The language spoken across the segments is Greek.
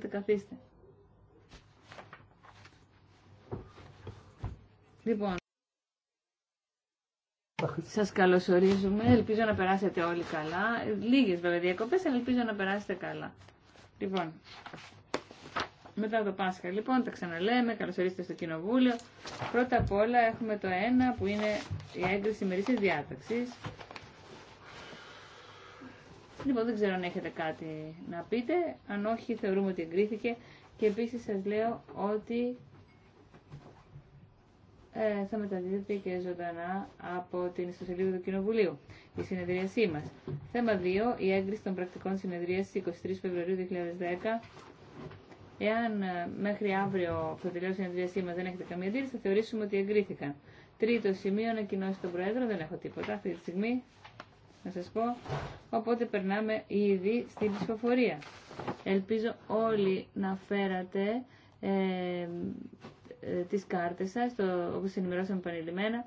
Θέλετε Λοιπόν, σας καλωσορίζουμε. Ελπίζω να περάσετε όλοι καλά. Λίγες βέβαια διακοπές, αλλά ελπίζω να περάσετε καλά. Λοιπόν, μετά το Πάσχα. Λοιπόν, τα ξαναλέμε, καλωσορίστε στο Κοινοβούλιο. Πρώτα απ' όλα έχουμε το ένα που είναι η έγκριση μερική διάταξης. Λοιπόν, δεν ξέρω αν έχετε κάτι να πείτε. Αν όχι, θεωρούμε ότι εγκρίθηκε. Και επίσης σας λέω ότι ε, θα μεταδίδεται και ζωντανά από την ιστοσελίδα του Κοινοβουλίου η συνεδρίασή μας. Θέμα 2. Η έγκριση των πρακτικών συνεδρίασης 23 Φεβρουαρίου 2010. Εάν ε, μέχρι αύριο το τελειώσει η συνεδρίασή μα δεν έχετε καμία αντίρρηση, θα θεωρήσουμε ότι εγκρίθηκαν. Τρίτο σημείο, ανακοινώσει τον Προέδρο. Δεν έχω τίποτα αυτή τη στιγμή να σας πω. Οπότε περνάμε ήδη στην ψηφοφορία. Ελπίζω όλοι να φέρατε ε, ε, τις κάρτες σας, το, όπως ενημερώσαμε επανειλημμένα.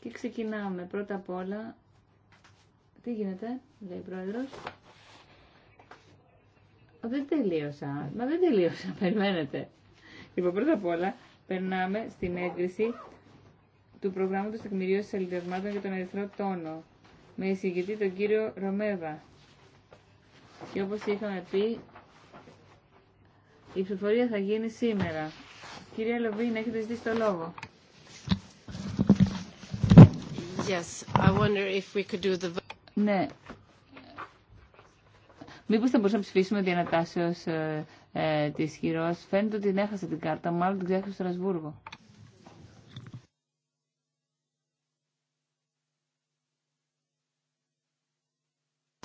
Και ξεκινάμε πρώτα απ' όλα. Τι γίνεται, λέει ο πρόεδρος. Δεν τελείωσα. Μα δεν τελείωσα. Περιμένετε. Λοιπόν, πρώτα απ' όλα, περνάμε στην έγκριση του προγράμματος τεκμηρίωσης αλληλευμάτων για τον ερυθρό τόνο με εισηγητή τον κύριο Ρωμέβα. Και όπως είχαμε πει, η ψηφοφορία θα γίνει σήμερα. Κυρία Λοβίν, έχετε ζητήσει το λόγο. Yes, I wonder if we could do the... Ναι. Μήπως θα μπορούσαμε να ψηφίσουμε διανατάσεως ε, ε, της χειρός. Φαίνεται ότι την έχασα την κάρτα, μάλλον την ξέχασα στο Στρασβούργο.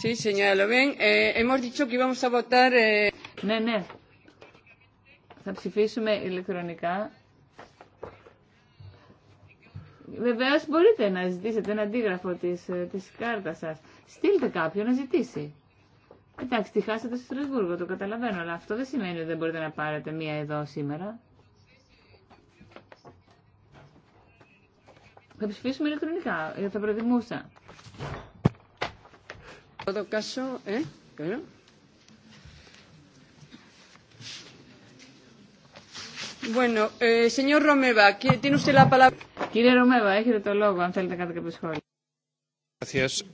Sí, eh, eh. Ναι, ναι. Θα ψηφίσουμε ηλεκτρονικά. Βεβαίω μπορείτε να ζητήσετε ένα αντίγραφο της, ε, της κάρτας σας. Στείλτε κάποιον να ζητήσει. Εντάξει, τη χάσατε στο Στρασβούργο, το καταλαβαίνω, αλλά αυτό δεν σημαίνει ότι δεν μπορείτε να πάρετε μία εδώ σήμερα. Θα ψηφίσουμε ηλεκτρονικά, θα προτιμούσα. Κύριε Ρωμέβα, έχετε το λόγο, αν θέλετε κάτι κάποια σχόλια.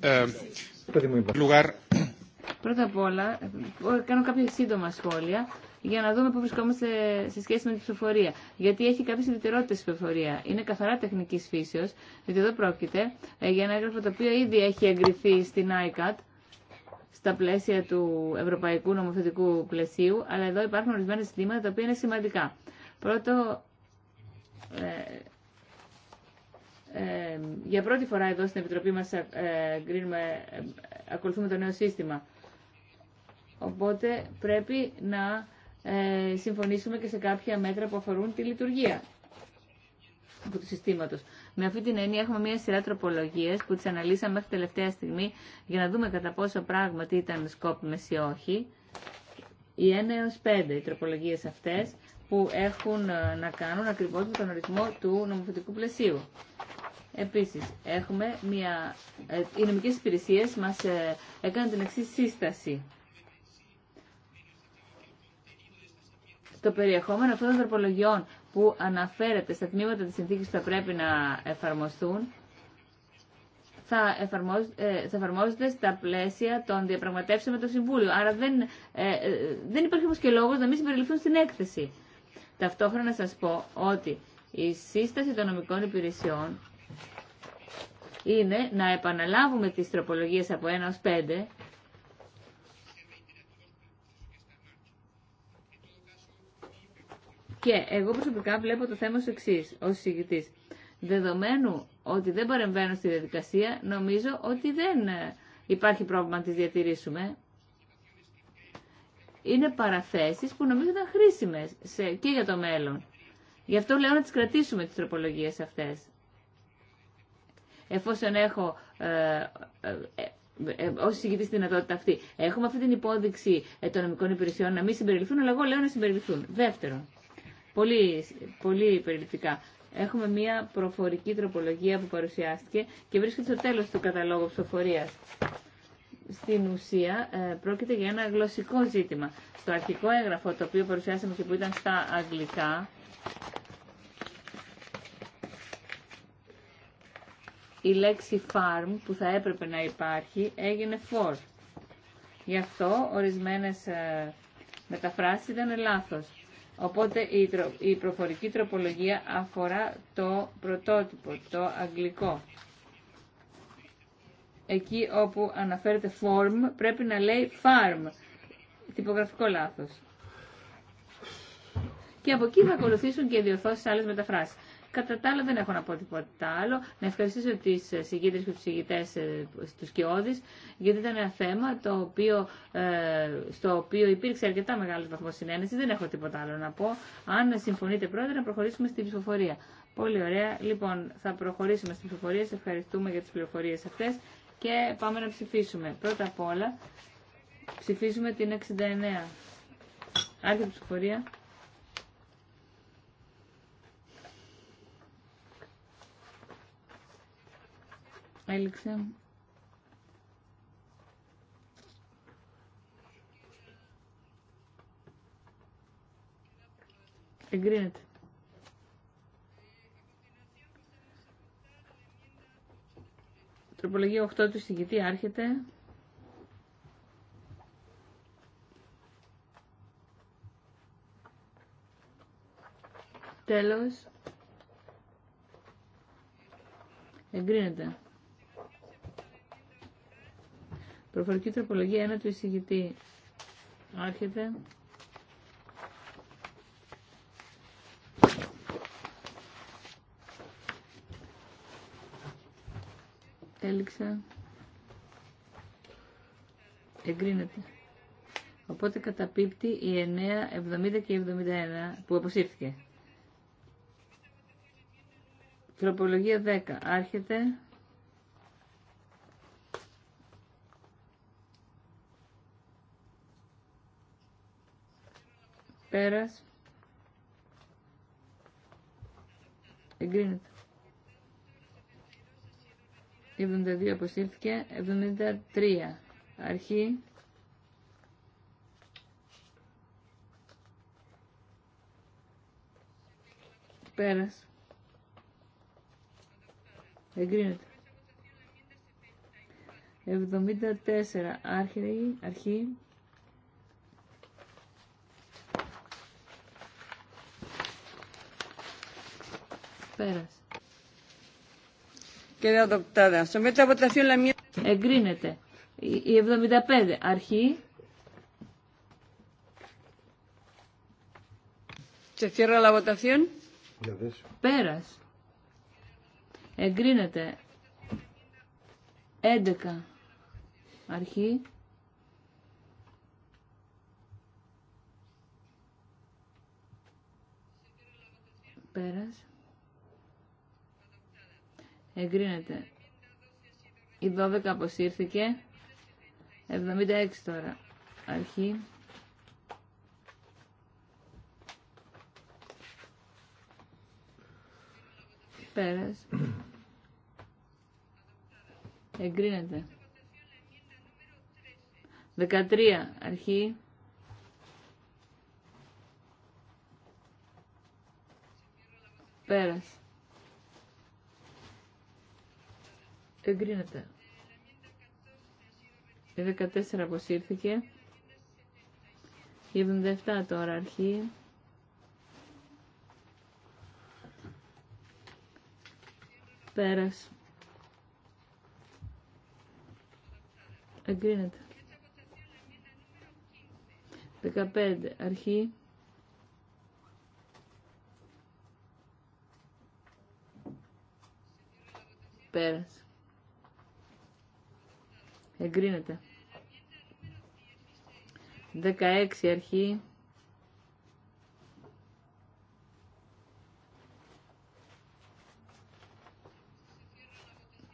Eh, Πρώτα απ' όλα, ε, κάνω κάποια σύντομα σχόλια για να δούμε πού βρισκόμαστε σε σχέση με την ψηφοφορία. Γιατί έχει κάποιε ιδιαιτερότητε η ψηφοφορία. Είναι καθαρά τεχνική φύσεω, γιατί εδώ πρόκειται ε, για ένα έγγραφο το οποίο ήδη έχει εγκριθεί στην ICAT στα πλαίσια του ευρωπαϊκού νομοθετικού πλαισίου, αλλά εδώ υπάρχουν ορισμένα συστήματα τα οποία είναι σημαντικά. Πρώτο, ε, ε, για πρώτη φορά εδώ στην Επιτροπή μας ε, ε, ακολουθούμε το νέο σύστημα. Οπότε πρέπει να ε, συμφωνήσουμε και σε κάποια μέτρα που αφορούν τη λειτουργία του συστήματος. Με αυτή την έννοια έχουμε μια σειρά τροπολογίες που τι αναλύσαμε μέχρι τελευταία στιγμή για να δούμε κατά πόσο πράγματι ήταν σκόπιμε ή όχι. Οι 1 έω 5 οι τροπολογίε αυτέ που έχουν ε, να κάνουν ακριβώ με τον ρυθμό του νομοθετικού πλαισίου. Επίση, έχουμε μια. Ε, οι νομικέ υπηρεσίε μα ε, έκαναν την εξή σύσταση. Το περιεχόμενο αυτών των τροπολογιών που αναφέρεται στα τμήματα της συνθήκης που θα πρέπει να εφαρμοστούν θα, ε, εφαρμόζεται στα πλαίσια των διαπραγματεύσεων με το Συμβούλιο. Άρα δεν, ε, ε, δεν υπάρχει όμως και λόγος να μην συμπεριληφθούν στην έκθεση. Ταυτόχρονα σας πω ότι η σύσταση των νομικών υπηρεσιών είναι να επαναλάβουμε τις τροπολογίες από 1 ως Και εγώ προσωπικά βλέπω το θέμα ω εξή, ω συζητητής. Δεδομένου ότι δεν παρεμβαίνω στη διαδικασία, νομίζω ότι δεν ε, υπάρχει πρόβλημα να τι διατηρήσουμε. Είναι παραθέσεις που νομίζω ήταν χρήσιμε και για το μέλλον. Γι' αυτό λέω να τι κρατήσουμε τι τροπολογίε αυτέ. Εφόσον έχω ε, ε, ε, ε ω συγκριτή τη δυνατότητα αυτή. Έχουμε αυτή την υπόδειξη των νομικών υπηρεσιών να μην συμπεριληφθούν, αλλά εγώ λέω να συμπεριληφθούν. Δεύτερον, πολύ, πολύ περιληπτικά. Έχουμε μία προφορική τροπολογία που παρουσιάστηκε και βρίσκεται στο τέλος του καταλόγου ψηφοφορίας. Στην ουσία ε, πρόκειται για ένα γλωσσικό ζήτημα. Στο αρχικό έγγραφο το οποίο παρουσιάσαμε και που ήταν στα αγγλικά, η λέξη farm που θα έπρεπε να υπάρχει έγινε for. Γι' αυτό ορισμένες ε, μεταφράσεις ήταν λάθος. Οπότε η προφορική τροπολογία αφορά το πρωτότυπο, το αγγλικό. Εκεί όπου αναφέρεται form πρέπει να λέει farm. Τυπογραφικό λάθος. Και από εκεί θα ακολουθήσουν και διορθώσεις άλλες μεταφράσεις. Κατά τα άλλα δεν έχω να πω τίποτα άλλο. Να ευχαριστήσω τις συγκίτρες και τους συγκητές στους ε, Κιώδης, γιατί ήταν ένα θέμα το οποίο, ε, στο οποίο υπήρξε αρκετά μεγάλο βαθμό συνένεση. Δεν έχω τίποτα άλλο να πω. Αν συμφωνείτε πρώτα, να προχωρήσουμε στην ψηφοφορία. Πολύ ωραία. Λοιπόν, θα προχωρήσουμε στην ψηφοφορία. Σε ευχαριστούμε για τις πληροφορίες αυτές και πάμε να ψηφίσουμε. Πρώτα απ' όλα ψηφίζουμε την 69. Άρχεται ψηφοφορία. Έληξε. Εγκρίνεται. Τροπολογία 8 του συγκητή άρχεται. Τέλος. Εγκρίνεται. Προφορική τροπολογία 1 του εισηγητή. Άρχεται. Έληξε. Εγκρίνεται. Οπότε καταπίπτει η 9, 70 και 71 που αποσύρθηκε. Τροπολογία 10. Άρχεται. Πέρας. Εγκρίνεται. 72 αποσύρθηκε. 73. Αρχή. Πέρας. Εγκρίνεται. 74. Άρχη. Αρχή. Πέρας. Εγκρίνεται. Η 75. Αρχή. Σε la Πέρας. Εγκρίνεται. 11. Αρχή. Πέρας. Εγκρίνεται. Η 12 αποσύρθηκε. 76 τώρα. Αρχή. Πέρας. Εγκρίνεται. 13. Αρχή. Πέρας. Εγκρίνεται. Η 14 αποσύρθηκε. Η 77 τώρα αρχή. Πέρας. Εγκρίνεται. 15 αρχή. Πέρας. Εγκρίνεται. 16 αρχή.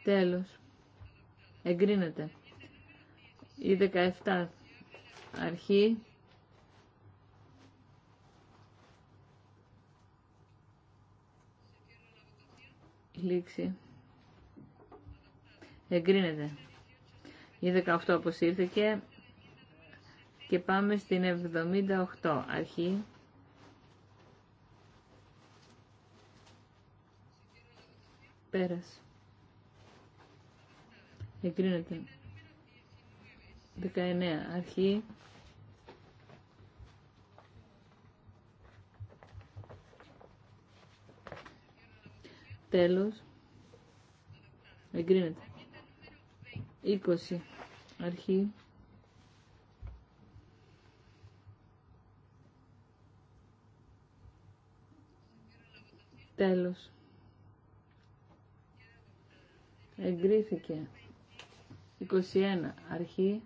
Τέλος. Εγκρίνεται. Η 17 αρχή. Λήξη. Εγκρίνεται. Η 18 αποσύρθηκε και πάμε στην 78 αρχή. Πέρας. Εγκρίνεται. 19 αρχή. Τέλος. Εγκρίνεται. 20 αρχή τέλος εγκρίθηκε 21 αρχή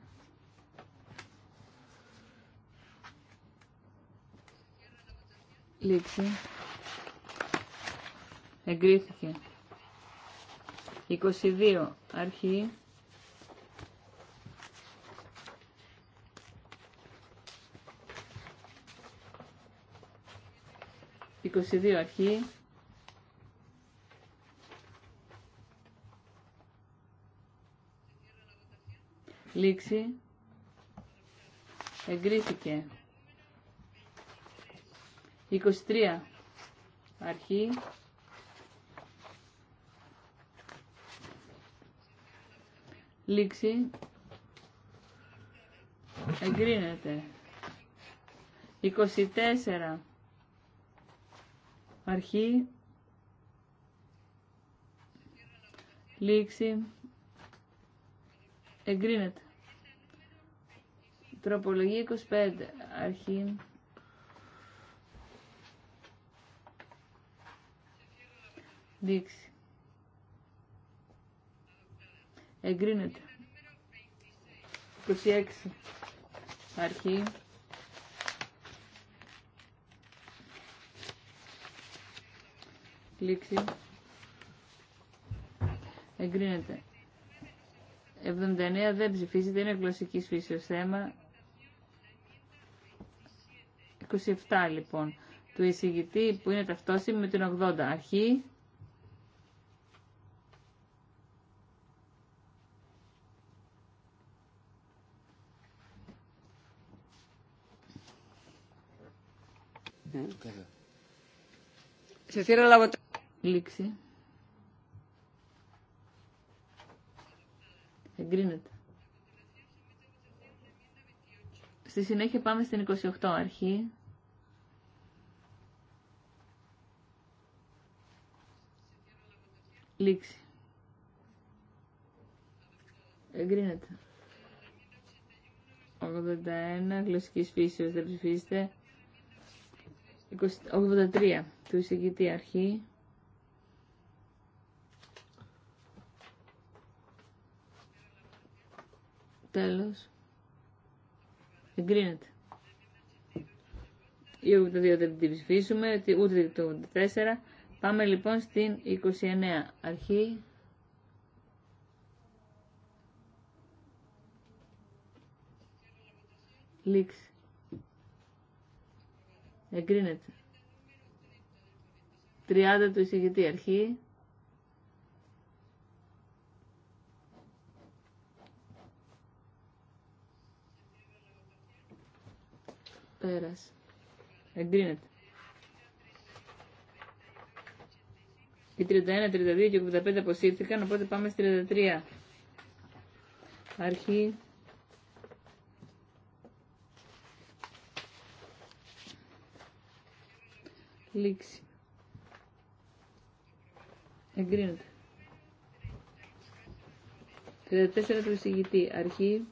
λήξη εγκρίθηκε 22 αρχή 22 αρχή. Λήξη. Εγκρίθηκε. 23 αρχή. Λήξη. Εγκρίνεται. 24 αρχή, λήξη, εγκρίνεται. Τροπολογία 25, αρχή, λήξη, εγκρίνεται. 26, αρχή, Λήξη. Εγκρίνεται. 79 δεν ψηφίζεται, είναι γλωσσική φύσεως θέμα. 27 λοιπόν του εισηγητή που είναι ταυτόσιμη με την 80. Αρχή. Λήξη. Εγκρίνεται. Στη συνέχεια πάμε στην 28 αρχή. Λήξη. Εγκρίνεται. 81, γλωσσική φύσεως, δεν ψηφίστε. 83, του εισηγητή αρχή. Τέλος. Εγκρίνεται. Η 82 δεν την ψηφίσουμε, ούτε το 4. Πάμε λοιπόν στην 29. Αρχή. Λήξη. Εγκρίνεται. 30 του εισηγητή αρχή. Εγκρίνεται. Οι 31, 32 και 85 αποσύρθηκαν, οπότε πάμε στη 33. Αρχή. Λήξη. Εγκρίνεται. 34 του εισηγητή. Αρχή.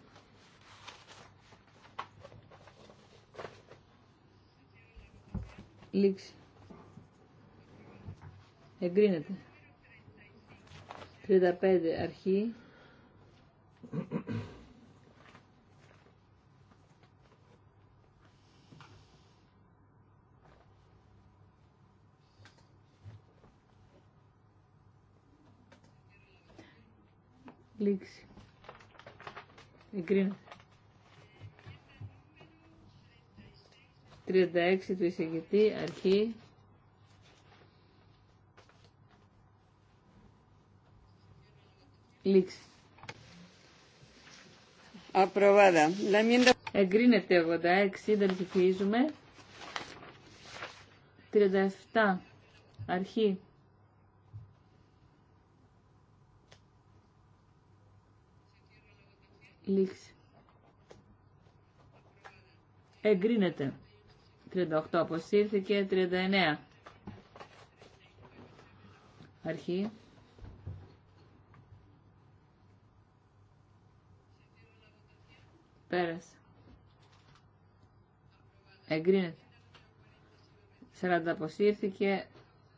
Λήξη. Εγκρίνεται. 35 αρχή. Λήξη. Εγκρίνεται. 36 του εισηγητή αρχή. Λήξη. Απροβάδα. Εγκρίνεται 86, δεν ψηφίζουμε. 37 αρχή. Λήξη. Εγκρίνεται. 38 αποσύρθηκε. 39. Αρχή. Πέρασε. Εγκρίνεται. 40 αποσύρθηκε.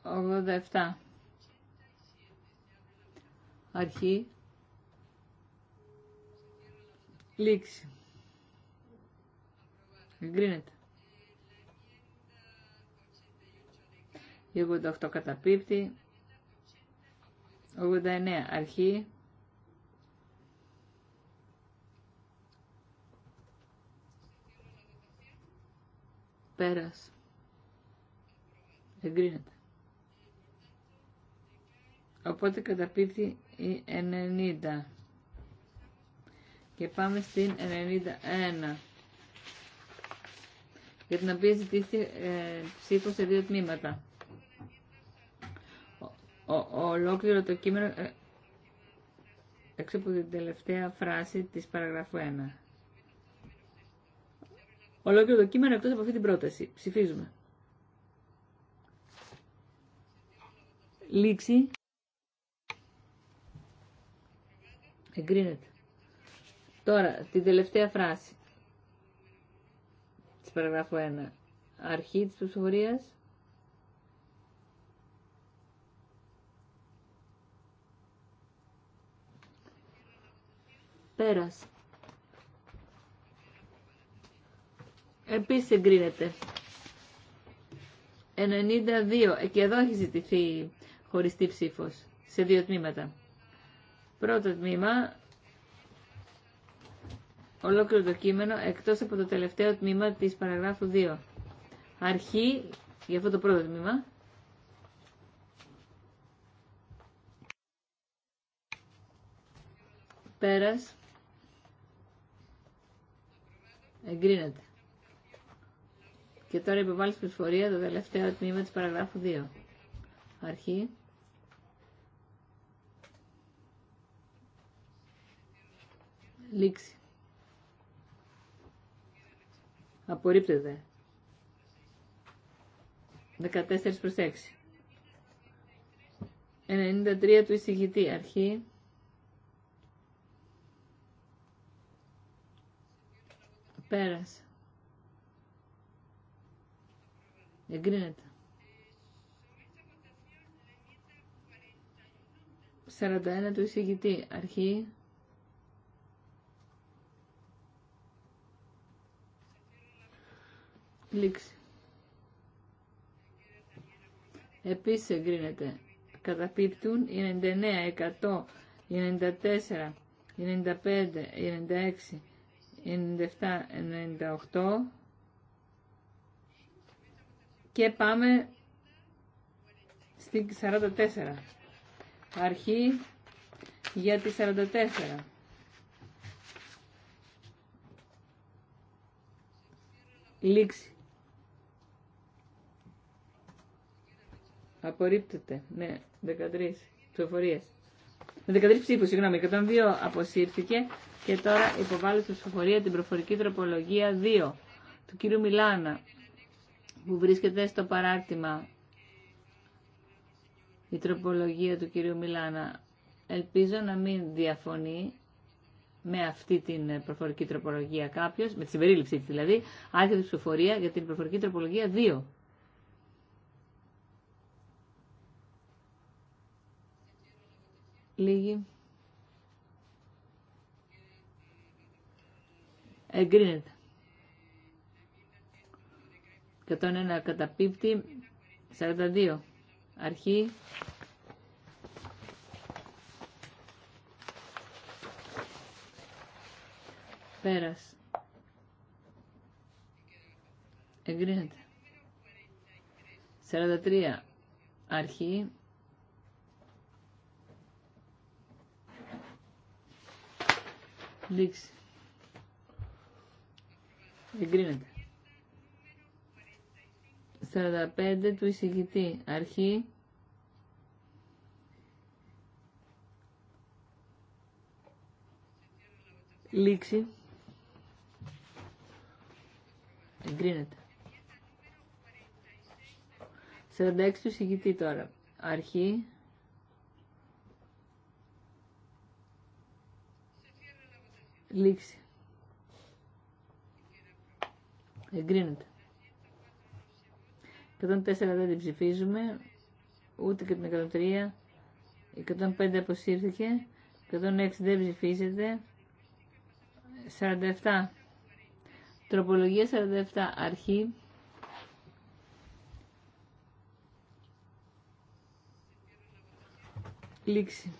87. Αρχή. Λήξη. Εγκρίνεται. Η 88 καταπίπτει. 89 αρχή. Πέρας. Εγκρίνεται. Οπότε καταπίπτει η 90. Και πάμε στην 91 για την οποία ζητήθηκε ε, ψήφο σε δύο τμήματα ολόκληρο το κείμενο ε, έξω από την τελευταία φράση της παραγράφου 1. Ολόκληρο το κείμενο εκτός από αυτή την πρόταση. Ψηφίζουμε. Λήξη. Εγκρίνεται. Τώρα, την τελευταία φράση της παραγράφου 1. Αρχή της ψηφοφορίας. Πέρας. Επίσης εγκρίνεται. 92. Και εδώ έχει ζητηθεί χωριστή ψήφος. Σε δύο τμήματα. Πρώτο τμήμα. Ολόκληρο το κείμενο εκτός από το τελευταίο τμήμα της παραγράφου 2. Αρχή για αυτό το πρώτο τμήμα. Πέρας. Εγκρίνεται. Και τώρα υποβάλλει προσφορία το τελευταίο τμήμα της παραγράφου 2. Αρχή. Λήξη. Απορρίπτεται. 14 προς 6. 93 του εισηγητή. Αρχή. Πέρασε. Εγκρίνεται. 41 του εισηγητή. Αρχή. Λήξη. Επίσης εγκρίνεται. Καταπίπτουν 99, 100, 94, 95, 96, 97-98 και πάμε στην 44. Αρχή για τη 44. Λήξη. Απορρίπτεται. Ναι, 13 ψηφοφορίες. Με 13 ψήφους, συγγνώμη, 102 αποσύρθηκε, και τώρα υποβάλλω στη ψηφοφορία την προφορική τροπολογία 2 του κύριου Μιλάνα που βρίσκεται στο παράρτημα η τροπολογία του κυρίου Μιλάνα. Ελπίζω να μην διαφωνεί με αυτή την προφορική τροπολογία κάποιος, με τη συμπερίληψή της δηλαδή, άρχεται ψηφοφορία για την προφορική τροπολογία 2. Λίγη. εγκρίνεται. 101 καταπίπτει, 42 αρχή. Πέρας. Εγκρίνεται. 43 αρχή. Λήξη. Εγκρίνεται. 45 του εισηγητή. Αρχή. Λήξη. Εγκρίνεται. 46 του εισηγητή τώρα. Αρχή. Λήξη. Εγκρίνεται. 104 δεν την ψηφίζουμε. Ούτε και την 103. 105 αποσύρθηκε. 106 δεν ψηφίζεται. 47. Τροπολογία 47. Αρχή. Λήξη.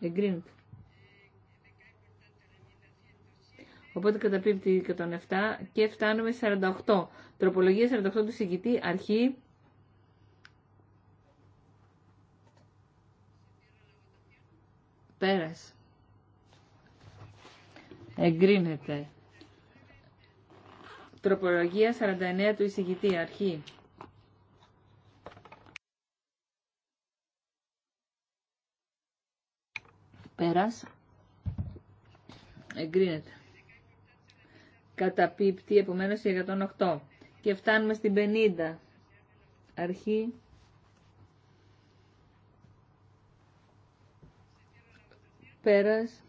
Εγκρίνεται. Οπότε καταπίπτει 7 και φτάνουμε 48. Τροπολογία 48 του συγκητή αρχή. Πέρας. Εγκρίνεται. Τροπολογία 49 του εισηγητή, αρχή. Πέρας. Εγκρίνεται καταπίπτει, επομένως η 108. Και φτάνουμε στην 50. Αρχή. Πέρας.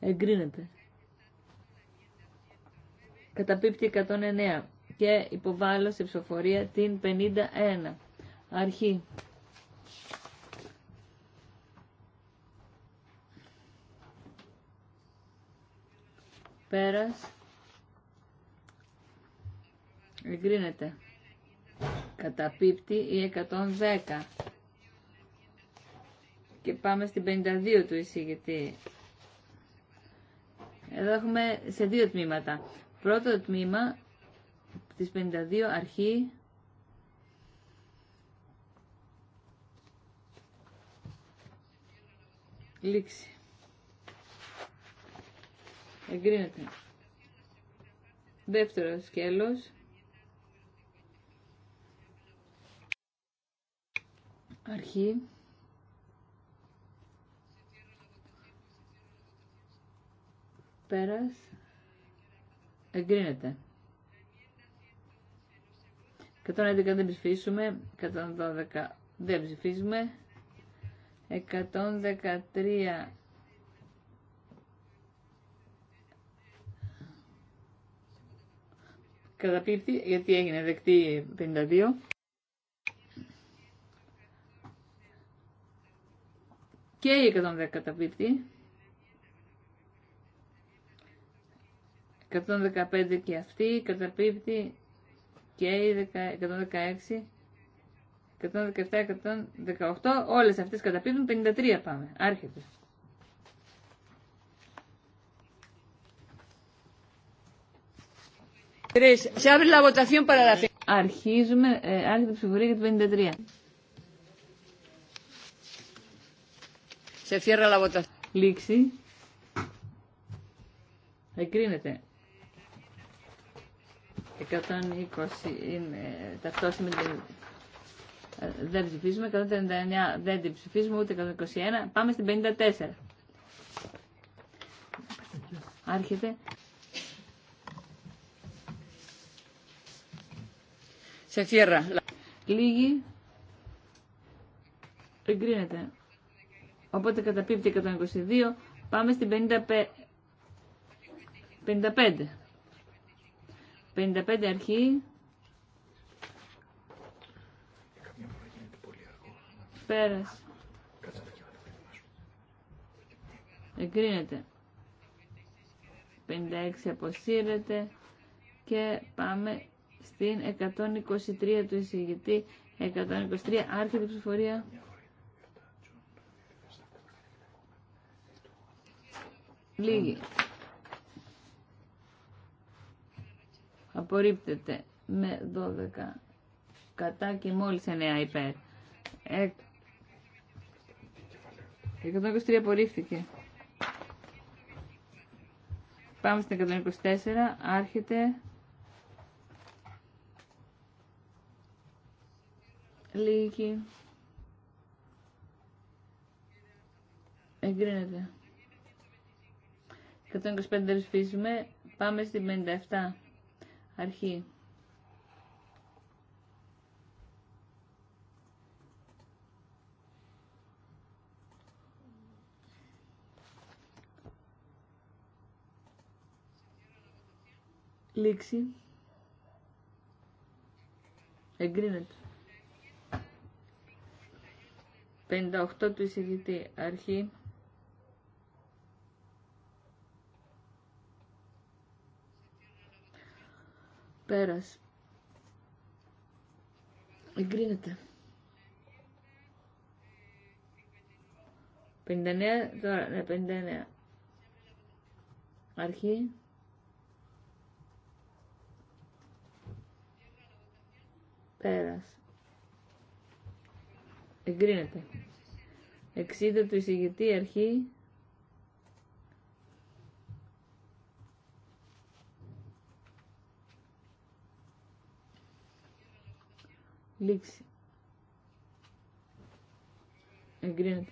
Εγκρίνεται. Καταπίπτει 109 και υποβάλλω σε ψηφοφορία την 51. Αρχή. Πέρας. Εγκρίνεται. Καταπίπτει η 110. Και πάμε στην 52 του εισηγητή. Εδώ έχουμε σε δύο τμήματα. Πρώτο τμήμα της 52 αρχή λήξη. Εγκρίνεται. Δεύτερο σκέλος. Αρχή. Πέρας. Εγκρίνεται. 111 δεν ψηφίσουμε. 112 δεν ψηφίζουμε. 113 καταπίπτει γιατί έγινε δεκτή 52. Και η 110 καταπίπτει. 115 και αυτή καταπίπτει και η 116. 117, 118, όλες αυτές καταπίπτουν, 53 πάμε, άρχεται. Αρχίζουμε, ε, άρχεται η ψηφορία για το 53. Σε cierra la votación. Λήξη. Εκρίνεται. 120 είναι ταυτόσιμη ε, δεν ψηφίζουμε, 139 δεν την ψηφίζουμε, ούτε 121. Πάμε στην 54. Άρχεται Σε φιέρα, Λίγη. Εγκρίνεται. Οπότε καταπίπτει 122. Πάμε στην 55. 55. 55 αρχή. Πέρας. Εγκρίνεται. 56 αποσύρεται και πάμε στην 123 του εισηγητή. 123 άρχεται η ψηφορία. Λίγη. Απορρίπτεται με 12 κατά και μόλις 9 υπέρ. 123 απορρίφθηκε. Πάμε στην 124. Άρχεται. Λίγη. Εγκρίνεται. 125 δεν Πάμε στην 57. Αρχή. Λήξη. Εγκρίνεται. 58 του εισηγητή αρχή. Πέρας. Εγκρίνεται. 59, τώρα, ναι, 59. Αρχή. Πέρας. Εγκρίνεται. Εξήντα του εισηγητή αρχή. Λήξη. Εγκρίνεται.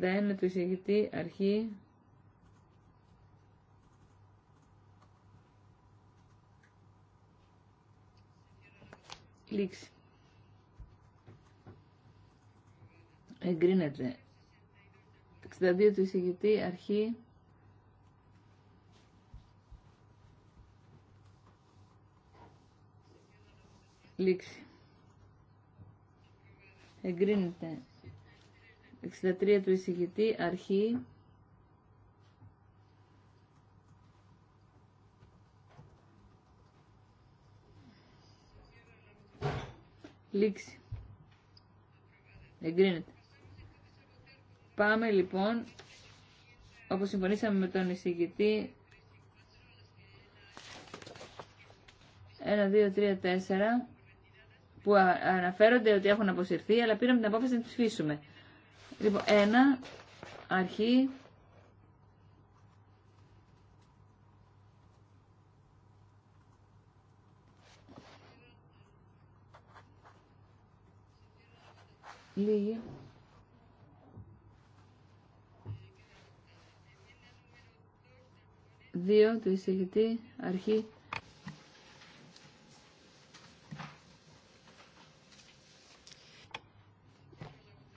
61 του εισηγητή αρχή. Λήξη. εγκρίνεται. 62 του εισηγητή αρχή λήξη. Εγκρίνεται. 63 του εισηγητή αρχή λήξη. Εγκρίνεται. Πάμε λοιπόν, όπως συμφωνήσαμε με τον εισηγητή, 1, 2, 3, 4, που αναφέρονται ότι έχουν αποσυρθεί, αλλά πήραμε την απόφαση να τις φύσουμε. Λοιπόν, 1, αρχή, λίγη. Δύο, του εισηγητή αρχή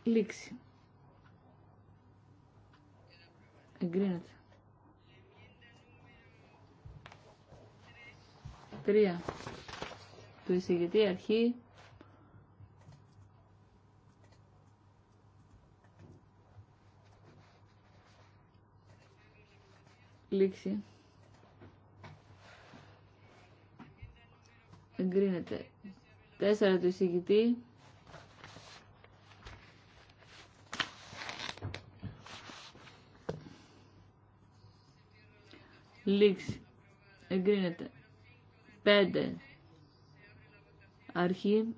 λήξη. Εγκρίνεται. Τρία, του εισηγητή αρχή Λήξη. Εγκρίνεται. Τέσσερα του εισηγητή. Λήξη. Εγκρίνεται. Πέντε. Αρχή.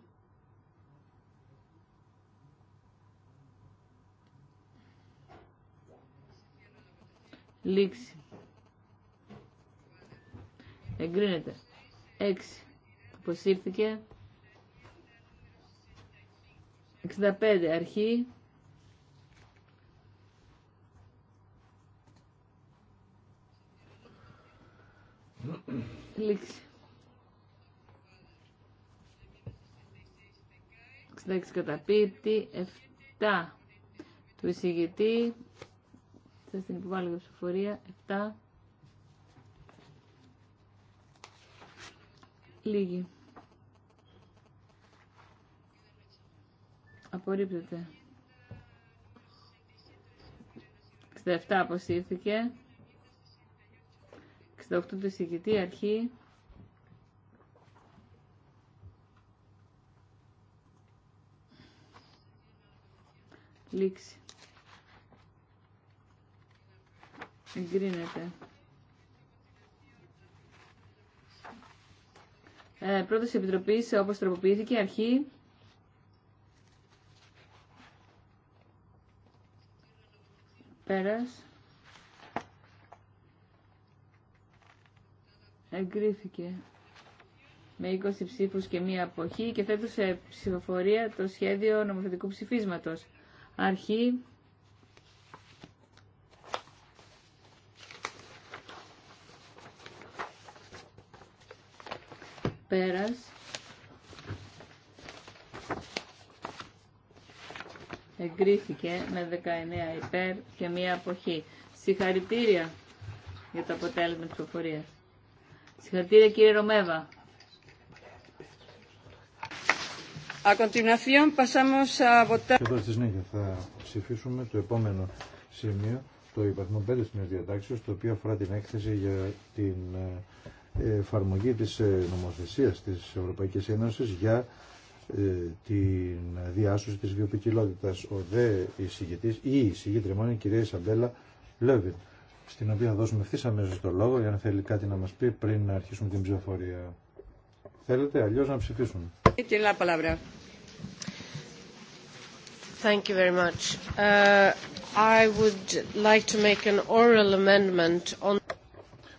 Λήξη. Εγκρίνεται. 6. Αποσύρθηκε. 65. Αρχή. Λήξη. 66 Καταπίπτη. 7 του εισηγητή. Θα την υποβάλλω για ψηφοφορία. 7. Λίγη. Απορρίπτεται. 67 αποσύρθηκε. 68 του συγκητή αρχή. Λήξη. Εγκρίνεται. ε, πρόταση Επιτροπής όπως τροποποιήθηκε αρχή πέρας εγκρίθηκε με 20 ψήφους και μία αποχή και θέτω σε ψηφοφορία το σχέδιο νομοθετικού ψηφίσματος. Αρχή πέρας εγκρίθηκε με 19 υπέρ και μία αποχή. Συγχαρητήρια για το αποτέλεσμα της προφορίας. Συγχαρητήρια κύριε Ρωμέβα. A continuación pasamos a votar. Και τώρα στη συνέχεια θα ψηφίσουμε το επόμενο σημείο, το υπαρθμό 5 της διατάξεως, το οποίο αφορά την έκθεση για την ε, εφαρμογή της ε, νομοθεσίας της Ευρωπαϊκής Ένωσης για ε, την διάσωση της βιοπικιλότητας. Ο δε εισηγητής ή εισηγήτρια μόνο η η κυρία Ισαμπέλα Λέβιν, στην οποία θα δώσουμε ευθύ αμέσω το λόγο για να θέλει κάτι να μας πει πριν να αρχίσουμε την ψηφοφορία. Θέλετε αλλιώς να ψηφίσουμε. Thank you very much. Uh, I would like to make an oral amendment on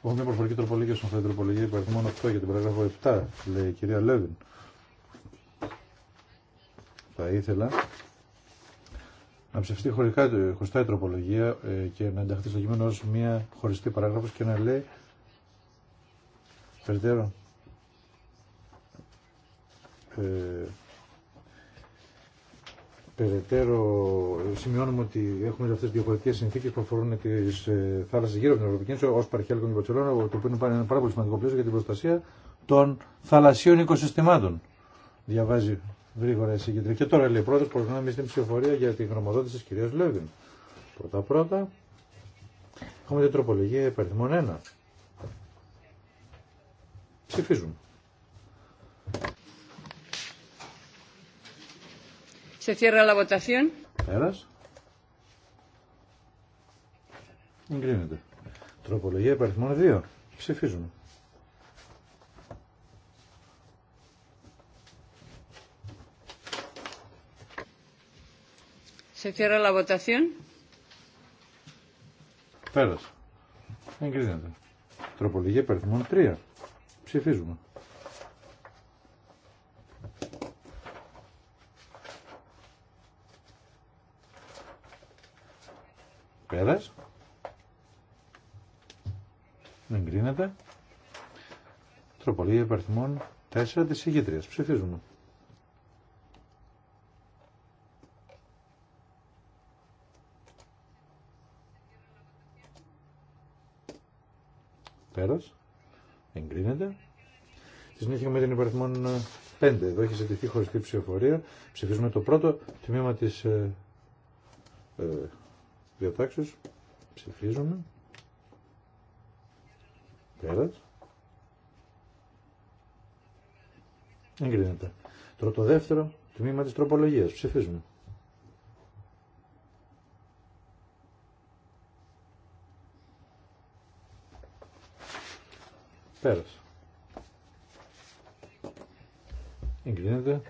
Έχω μια προφορική τροπολογία στον Θεό Τροπολογία υπαριθμών 8 για την παράγραφο 7, λέει η κυρία Λέβιν. Θα ήθελα να ψευστεί χωρικά, χωριστά η τροπολογία ε, και να ενταχθεί στο κείμενο ως μια χωριστή παράγραφος και να λέει περιττέρω ε, περαιτέρω σημειώνουμε ότι έχουμε αυτέ τι διαφορετικέ συνθήκε που αφορούν τι ε, θάλασσε γύρω από την Ευρωπαϊκή Ένωση, ω Παρχέλκο και Βαρκελόνη, το οποίο είναι ένα πάρα πολύ σημαντικό πλαίσιο για την προστασία των θαλασσίων οικοσυστημάτων. Διαβάζει γρήγορα η συγκεντρική. Και τώρα λέει πρώτα, προχωράμε στην ψηφοφορία για τη γνωμοδότηση τη κυρία Λέβιν. Πρώτα-πρώτα, έχουμε την τροπολογία υπαριθμών 1. Ψηφίζουμε. Se cierra la votación. Πέρας. Εγκρίνεται. Τροπολογία υπαριθμών 2. Ψηφίζουμε. Se cierra la votación. Πέρασε. Εγκρίνεται. Τροπολογία υπαριθμών 3. Ψηφίζουμε. Πέρας. Εγκρίνεται. Τροπολογία υπαριθμών 4 της ηγητρίας. Ψηφίζουμε. Πέρας. Εγκρίνεται. τη συνέχεια με την υπαριθμόν 5. Ε, Εδώ έχει ζητηθεί χωριστή ψηφοφορία. Ψηφίζουμε το πρώτο τμήμα της ε, ε διατάξεις. Ψηφίζουμε. Πέρας. Εγκρίνεται. Τώρα το δεύτερο τμήμα της τροπολογίας. Ψηφίζουμε. Πέρας. Εγκρίνεται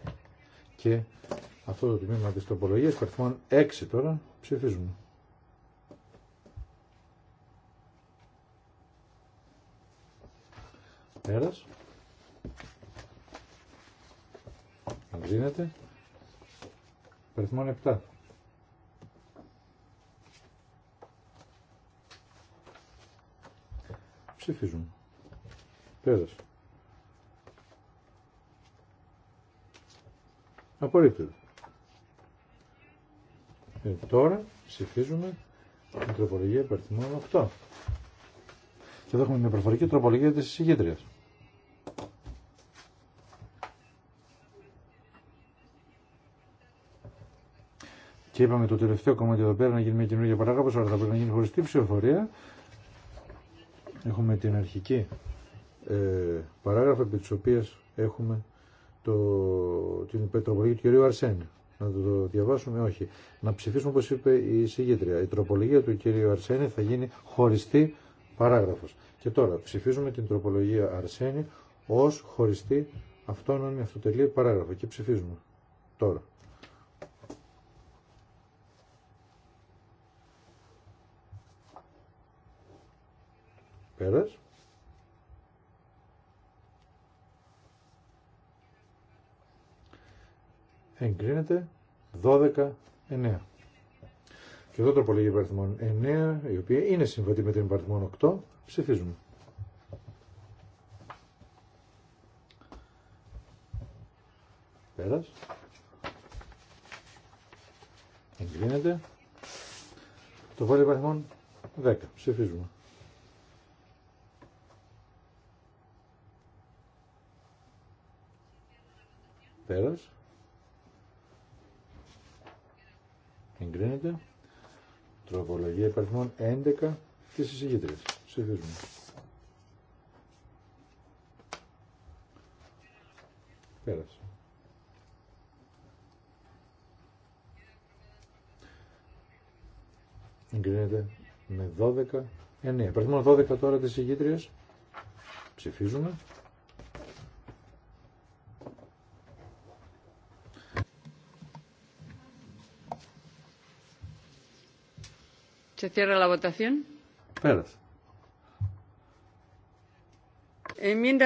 και αυτό το τμήμα της τροπολογίας, αριθμών 6 τώρα, ψηφίζουμε. Πέρας. Αγκρίνεται. Περιθμόν 7. Ψηφίζουμε. Πέρας. Απορρίπτεται. Ε, τώρα ψηφίζουμε την τροπολογία περιθμόν 8. Και εδώ έχουμε μια προφορική τροπολογία της εισηγήτριας. Και είπαμε το τελευταίο κομμάτι εδώ πέρα να γίνει μια καινούργια παράγραφος, αλλά θα πρέπει να γίνει χωριστή ψηφοφορία. Έχουμε την αρχική ε, παράγραφο επί της οποίας έχουμε το, την πετροπολογία του κυρίου Αρσένη. Να το, το διαβάσουμε, όχι. Να ψηφίσουμε όπως είπε η συγγήτρια. Η τροπολογία του κυρίου Αρσένη θα γίνει χωριστή παράγραφος. Και τώρα ψηφίζουμε την τροπολογία Αρσένη ως χωριστή αυτόνομη αυτοτελή παράγραφο και ψηφίζουμε τώρα. Πέρας. Εγκρίνεται 12-9. Και εδώ το τροπολογία υπαριθμών 9, η οποία είναι συμβατή με την υπαριθμών 8, ψηφίζουμε. Πέρας. Εγκρίνεται. Το βόλιο υπαριθμών 10. Ψηφίζουμε. Πέρας. Εγκρίνεται. Τροπολογία υπαριθμών 11 της εισηγήτρες. Ψηφίζουμε. Πέρασε. Εγκρίνεται με 12. Ε, ναι, υπαριθμών 12 τώρα της εισηγήτριας. Ψηφίζουμε. Se cierra Πέρασε.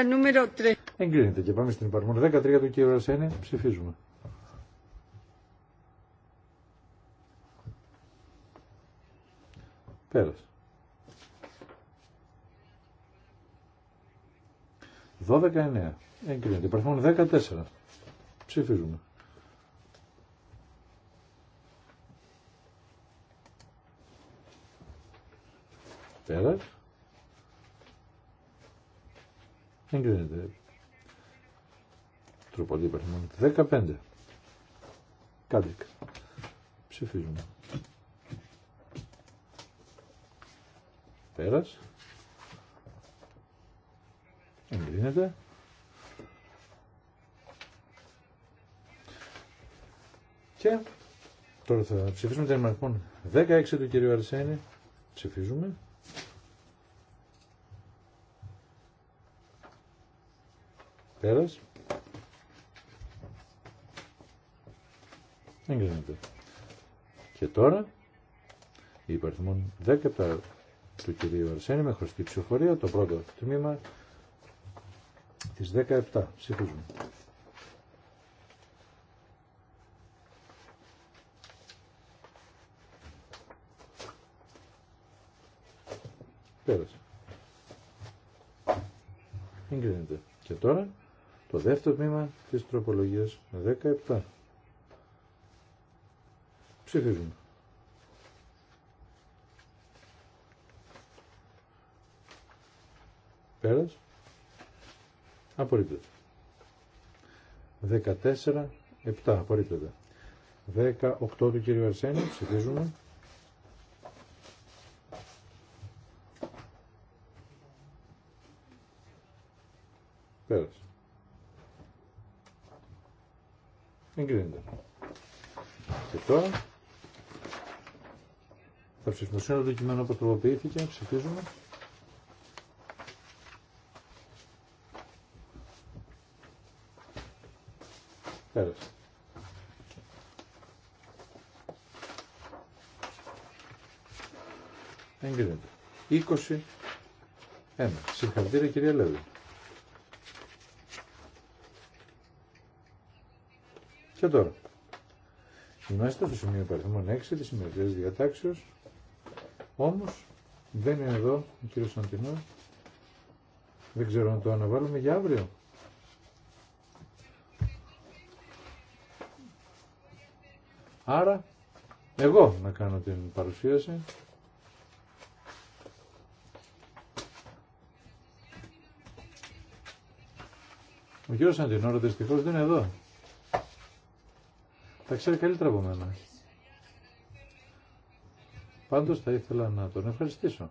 νούμερο 3. Εγκρίνεται και πάμε στην υπαρμόν 13 του κυριου ρασενε Ρασένη. Ψηφίζουμε. Πέρασε. 12-9. Εγκρίνεται. Υπαρμόν 14. Ψηφίζουμε. δεν Εγκρίνεται. Τροπολή υπερθυμών. 15. Κάντικ. Ψηφίζουμε. δεν Εγκρίνεται. Και τώρα θα ψηφίσουμε την αριθμό λοιπόν, 16 του κυρίου Αρσένη. Ψηφίζουμε. Πέρας. Εγκρίνεται. Και τώρα η υπαριθμόν 17 του κυρίου Αρσένη με χρωστή ψηφοφορία το πρώτο τμήμα της 17. Ψηφίζουμε. Πέρασε. Εγκρίνεται. Και τώρα το δεύτερο τμήμα της τροπολογίας 17. Ψηφίζουμε. Πέρας. Απορρίπτεται. 14, 7 απορρίπτεται. 18 του κύριου Αρσένη, ψηφίζουμε. Εγκρίνεται. Και τώρα θα ψηφίσουμε το κειμένο που τροποποιήθηκε. Ψηφίζουμε. Πέρασε. Εγκρίνεται. Εγκρίνεται. ένα. Συγχαρητήρια κυρία Λέβη. Και τώρα, είμαστε στο σημείο παριθμών 6 της σημερινής διατάξεως, όμως δεν είναι εδώ ο κύριος Σαντινό. Δεν ξέρω αν το αναβάλουμε για αύριο. Άρα, εγώ να κάνω την παρουσίαση. Ο κύριος Αντινόρα δυστυχώς δεν είναι εδώ. Τα ξέρει καλύτερα από μένα. Πάντως θα ήθελα να τον ευχαριστήσω.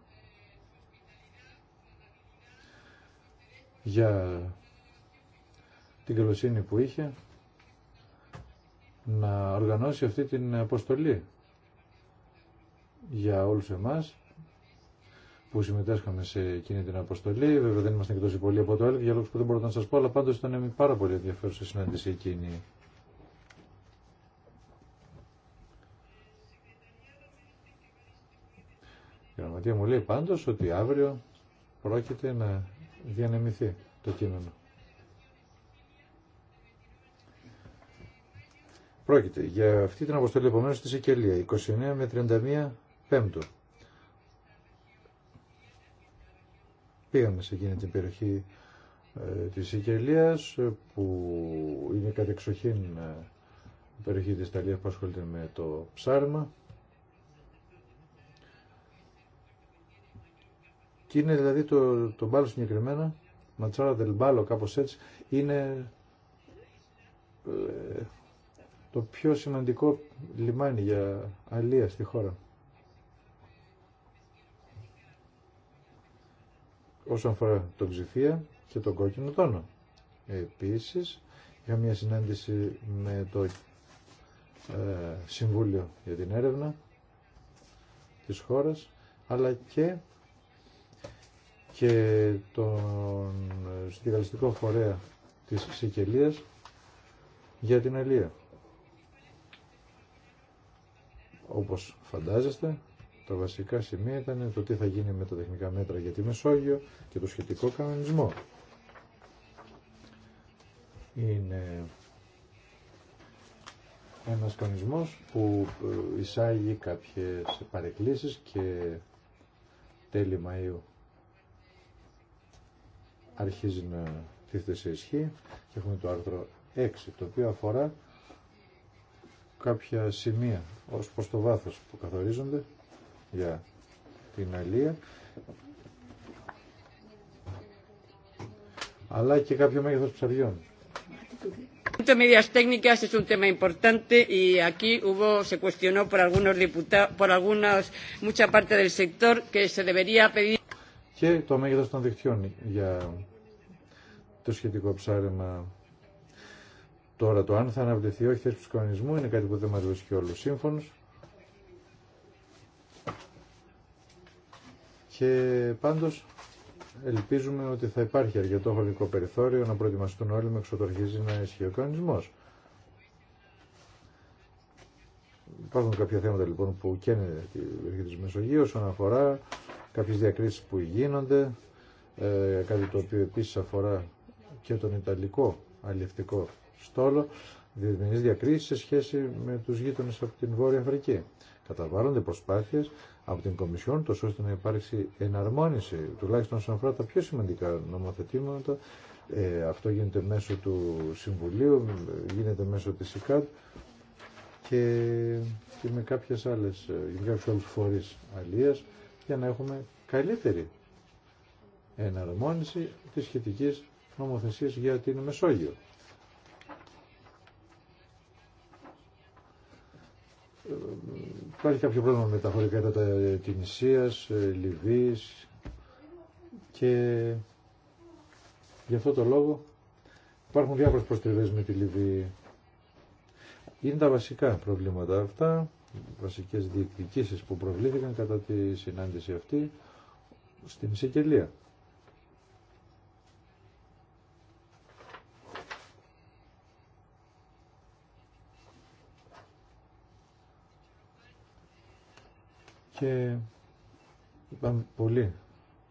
Για την καλοσύνη που είχε να οργανώσει αυτή την αποστολή για όλους εμάς που συμμετέσχαμε σε εκείνη την αποστολή. Βέβαια δεν είμαστε και τόσο πολλοί από το έλεγχο για λόγους που δεν μπορώ να σας πω, αλλά πάντως ήταν μια πάρα πολύ ενδιαφέρουσα συνάντηση εκείνη. γραμματεία μου λέει πάντως ότι αύριο πρόκειται να διανεμηθεί το κείμενο. Πρόκειται για αυτή την αποστολή επομένως στη Σικελία, 29 με 31 Πέμπτου. Πήγαμε σε εκείνη την περιοχή ε, της Σικελίας ε, που είναι κατεξοχήν ε, περιοχή της Ιταλίας που ασχολείται με το ψάρμα. Και είναι δηλαδή το, το μπάλο συγκεκριμένα, ματσάρα δελμπάλο κάπως έτσι, είναι ε, το πιο σημαντικό λιμάνι για αλία στη χώρα. Όσον αφορά το Ξηφία και τον κόκκινο τόνο. Επίσης, είχα μια συνάντηση με το ε, Συμβούλιο για την Έρευνα της χώρας, αλλά και και τον Στιγαλιστικό φορέα της Σικελίας για την ελία, Όπως φαντάζεστε, τα βασικά σημεία ήταν το τι θα γίνει με τα τεχνικά μέτρα για τη Μεσόγειο και το σχετικό κανονισμό. Είναι ένας κανονισμός που ε, εισάγει κάποιες παρεκκλήσεις και τέλη Μαΐου αρχίζει να τίθεται σε ισχύ και έχουμε το άρθρο 6 το οποίο αφορά κάποια σημεία ως προς το βάθος που καθορίζονται για την αλία αλλά και κάποιο μέγεθος ψαριών. Esto medidas técnicas es un tema importante y aquí hubo, se cuestionó por algunos diputados, por algunos, mucha parte del sector que se debería pedir και το μέγεθος των δικτυών για το σχετικό ψάρεμα. Τώρα το αν θα αναβληθεί όχι θέση του κανονισμού είναι κάτι που δεν μας βρίσκει όλους σύμφωνος. Και πάντως ελπίζουμε ότι θα υπάρχει αρκετό χρονικό περιθώριο να προετοιμαστούν όλοι με εξωτορχίζει να ισχύει ο κανονισμός. Υπάρχουν κάποια θέματα λοιπόν που και είναι τη Μεσογείου όσον αφορά κάποιες διακρίσεις που γίνονται, ε, κάτι το οποίο επίσης αφορά και τον Ιταλικό αλληλευτικό στόλο, διεθνείς διακρίσεις σε σχέση με τους γείτονες από την Βόρεια Αφρική. Καταβάλλονται προσπάθειες από την Κομισιόν, τόσο ώστε να υπάρξει εναρμόνιση, τουλάχιστον όσον αφορά τα πιο σημαντικά νομοθετήματα. Ε, αυτό γίνεται μέσω του Συμβουλίου, γίνεται μέσω της ΕΚΑΤ και, και με κάποιες άλλες, ε, με φορείς για να έχουμε καλύτερη εναρμόνιση της σχετικής νομοθεσίας για την Μεσόγειο. Υπάρχει κάποιο πρόβλημα με τα χωρικά ύδατα Τινησίας, Λιβύης και γι' αυτό το λόγο υπάρχουν διάφορες προστριβές με τη Λιβύη. Είναι τα βασικά προβλήματα αυτά βασικές διεκδικήσεις που προβλήθηκαν κατά τη συνάντηση αυτή στην Σικελία. Και είπαμε πολύ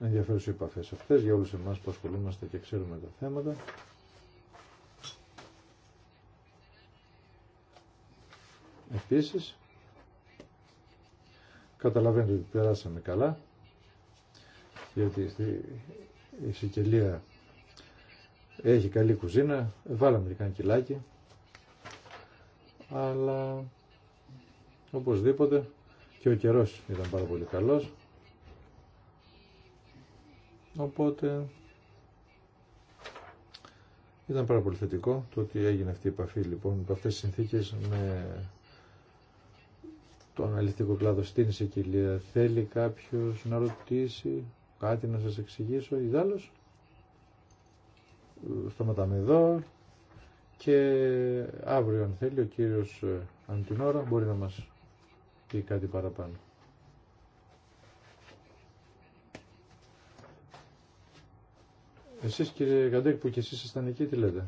ενδιαφέρουσε επαφέ αυτές για όλους εμάς που ασχολούμαστε και ξέρουμε τα θέματα. Επίσης, Καταλαβαίνετε ότι περάσαμε καλά, γιατί η Σικελία έχει καλή κουζίνα, βάλαμε και κανένα κιλάκι, αλλά οπωσδήποτε και ο καιρός ήταν πάρα πολύ καλός, οπότε ήταν πάρα πολύ θετικό το ότι έγινε αυτή η επαφή λοιπόν από αυτές τις συνθήκες με το αναλυτικό κλάδο στην Σικηλία. Θέλει κάποιος να ρωτήσει κάτι να σας εξηγήσω. ή Ιδάλλως, σταματάμε εδώ και αύριο αν θέλει ο κύριος ε, αν ώρα μπορεί να μας πει κάτι παραπάνω. Εσείς κύριε Γαντέκ που και εσείς ήσασταν εκεί τι λέτε.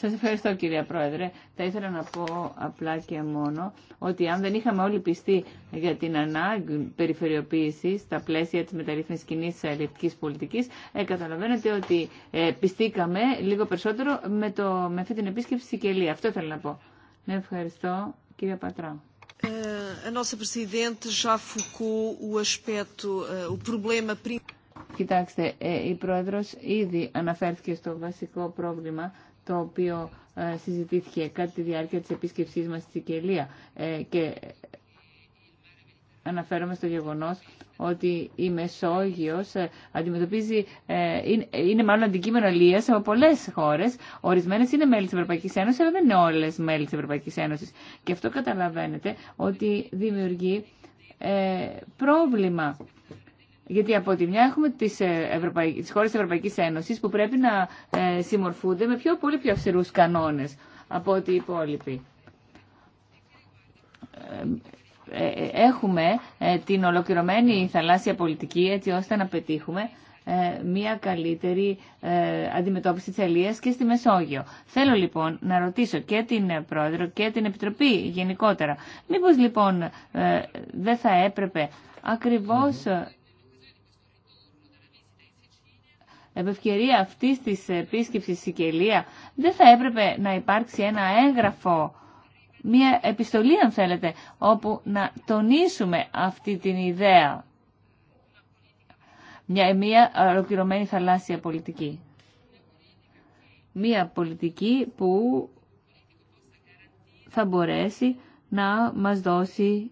Σας ευχαριστώ κυρία Πρόεδρε. Θα ήθελα να πω απλά και μόνο ότι αν δεν είχαμε όλοι πιστεί για την ανάγκη περιφερειοποίηση στα πλαίσια της μεταρρύθμισης κοινή ελληνικής πολιτικής, ε, καταλαβαίνετε ότι ε, πιστήκαμε λίγο περισσότερο με, το, με αυτή την επίσκεψη στη Κελία. Αυτό ήθελα να πω. Ναι, ευχαριστώ κυρία Πατρά. Ε, ε, ε, Κοιτάξτε, η Πρόεδρος ήδη αναφέρθηκε στο βασικό πρόβλημα το οποίο ε, συζητήθηκε κατά τη διάρκεια της επίσκεψής μας στη Σικελία ε, και αναφέρομαι στο γεγονός ότι η Μεσόγειος ε, αντιμετωπίζει, είναι μάλλον αντικείμενο αλίας από πολλές χώρες. Ορισμένες είναι μέλη της Ευρωπαϊκής Ένωσης, αλλά δεν είναι όλες μέλη της Ευρωπαϊκής Ένωσης. Και αυτό καταλαβαίνετε ότι δημιουργεί πρόβλημα γιατί από τη μια έχουμε τις, ε, Ευρωπαϊ... τις χώρες της Ευρωπαϊκής Ένωσης που πρέπει να ε, συμμορφούνται με πιο πολύ πιο αυστηρούς κανόνες από ό,τι οι υπόλοιποι. Ε, έχουμε την ολοκληρωμένη θαλάσσια πολιτική έτσι ώστε να πετύχουμε μια καλύτερη αντιμετώπιση της αλίας και στη Μεσόγειο. Θέλω λοιπόν να ρωτήσω και την Πρόεδρο και την Επιτροπή γενικότερα. Μήπως λοιπόν δεν θα έπρεπε ακριβώς ευκαιρία αυτή της επίσκεψης στη Σικελία δεν θα έπρεπε να υπάρξει ένα έγγραφο μια επιστολή αν θέλετε, όπου να τονίσουμε αυτή την ιδέα. Μια, μια ολοκληρωμένη θαλάσσια πολιτική. Μια πολιτική που θα μπορέσει να μας δώσει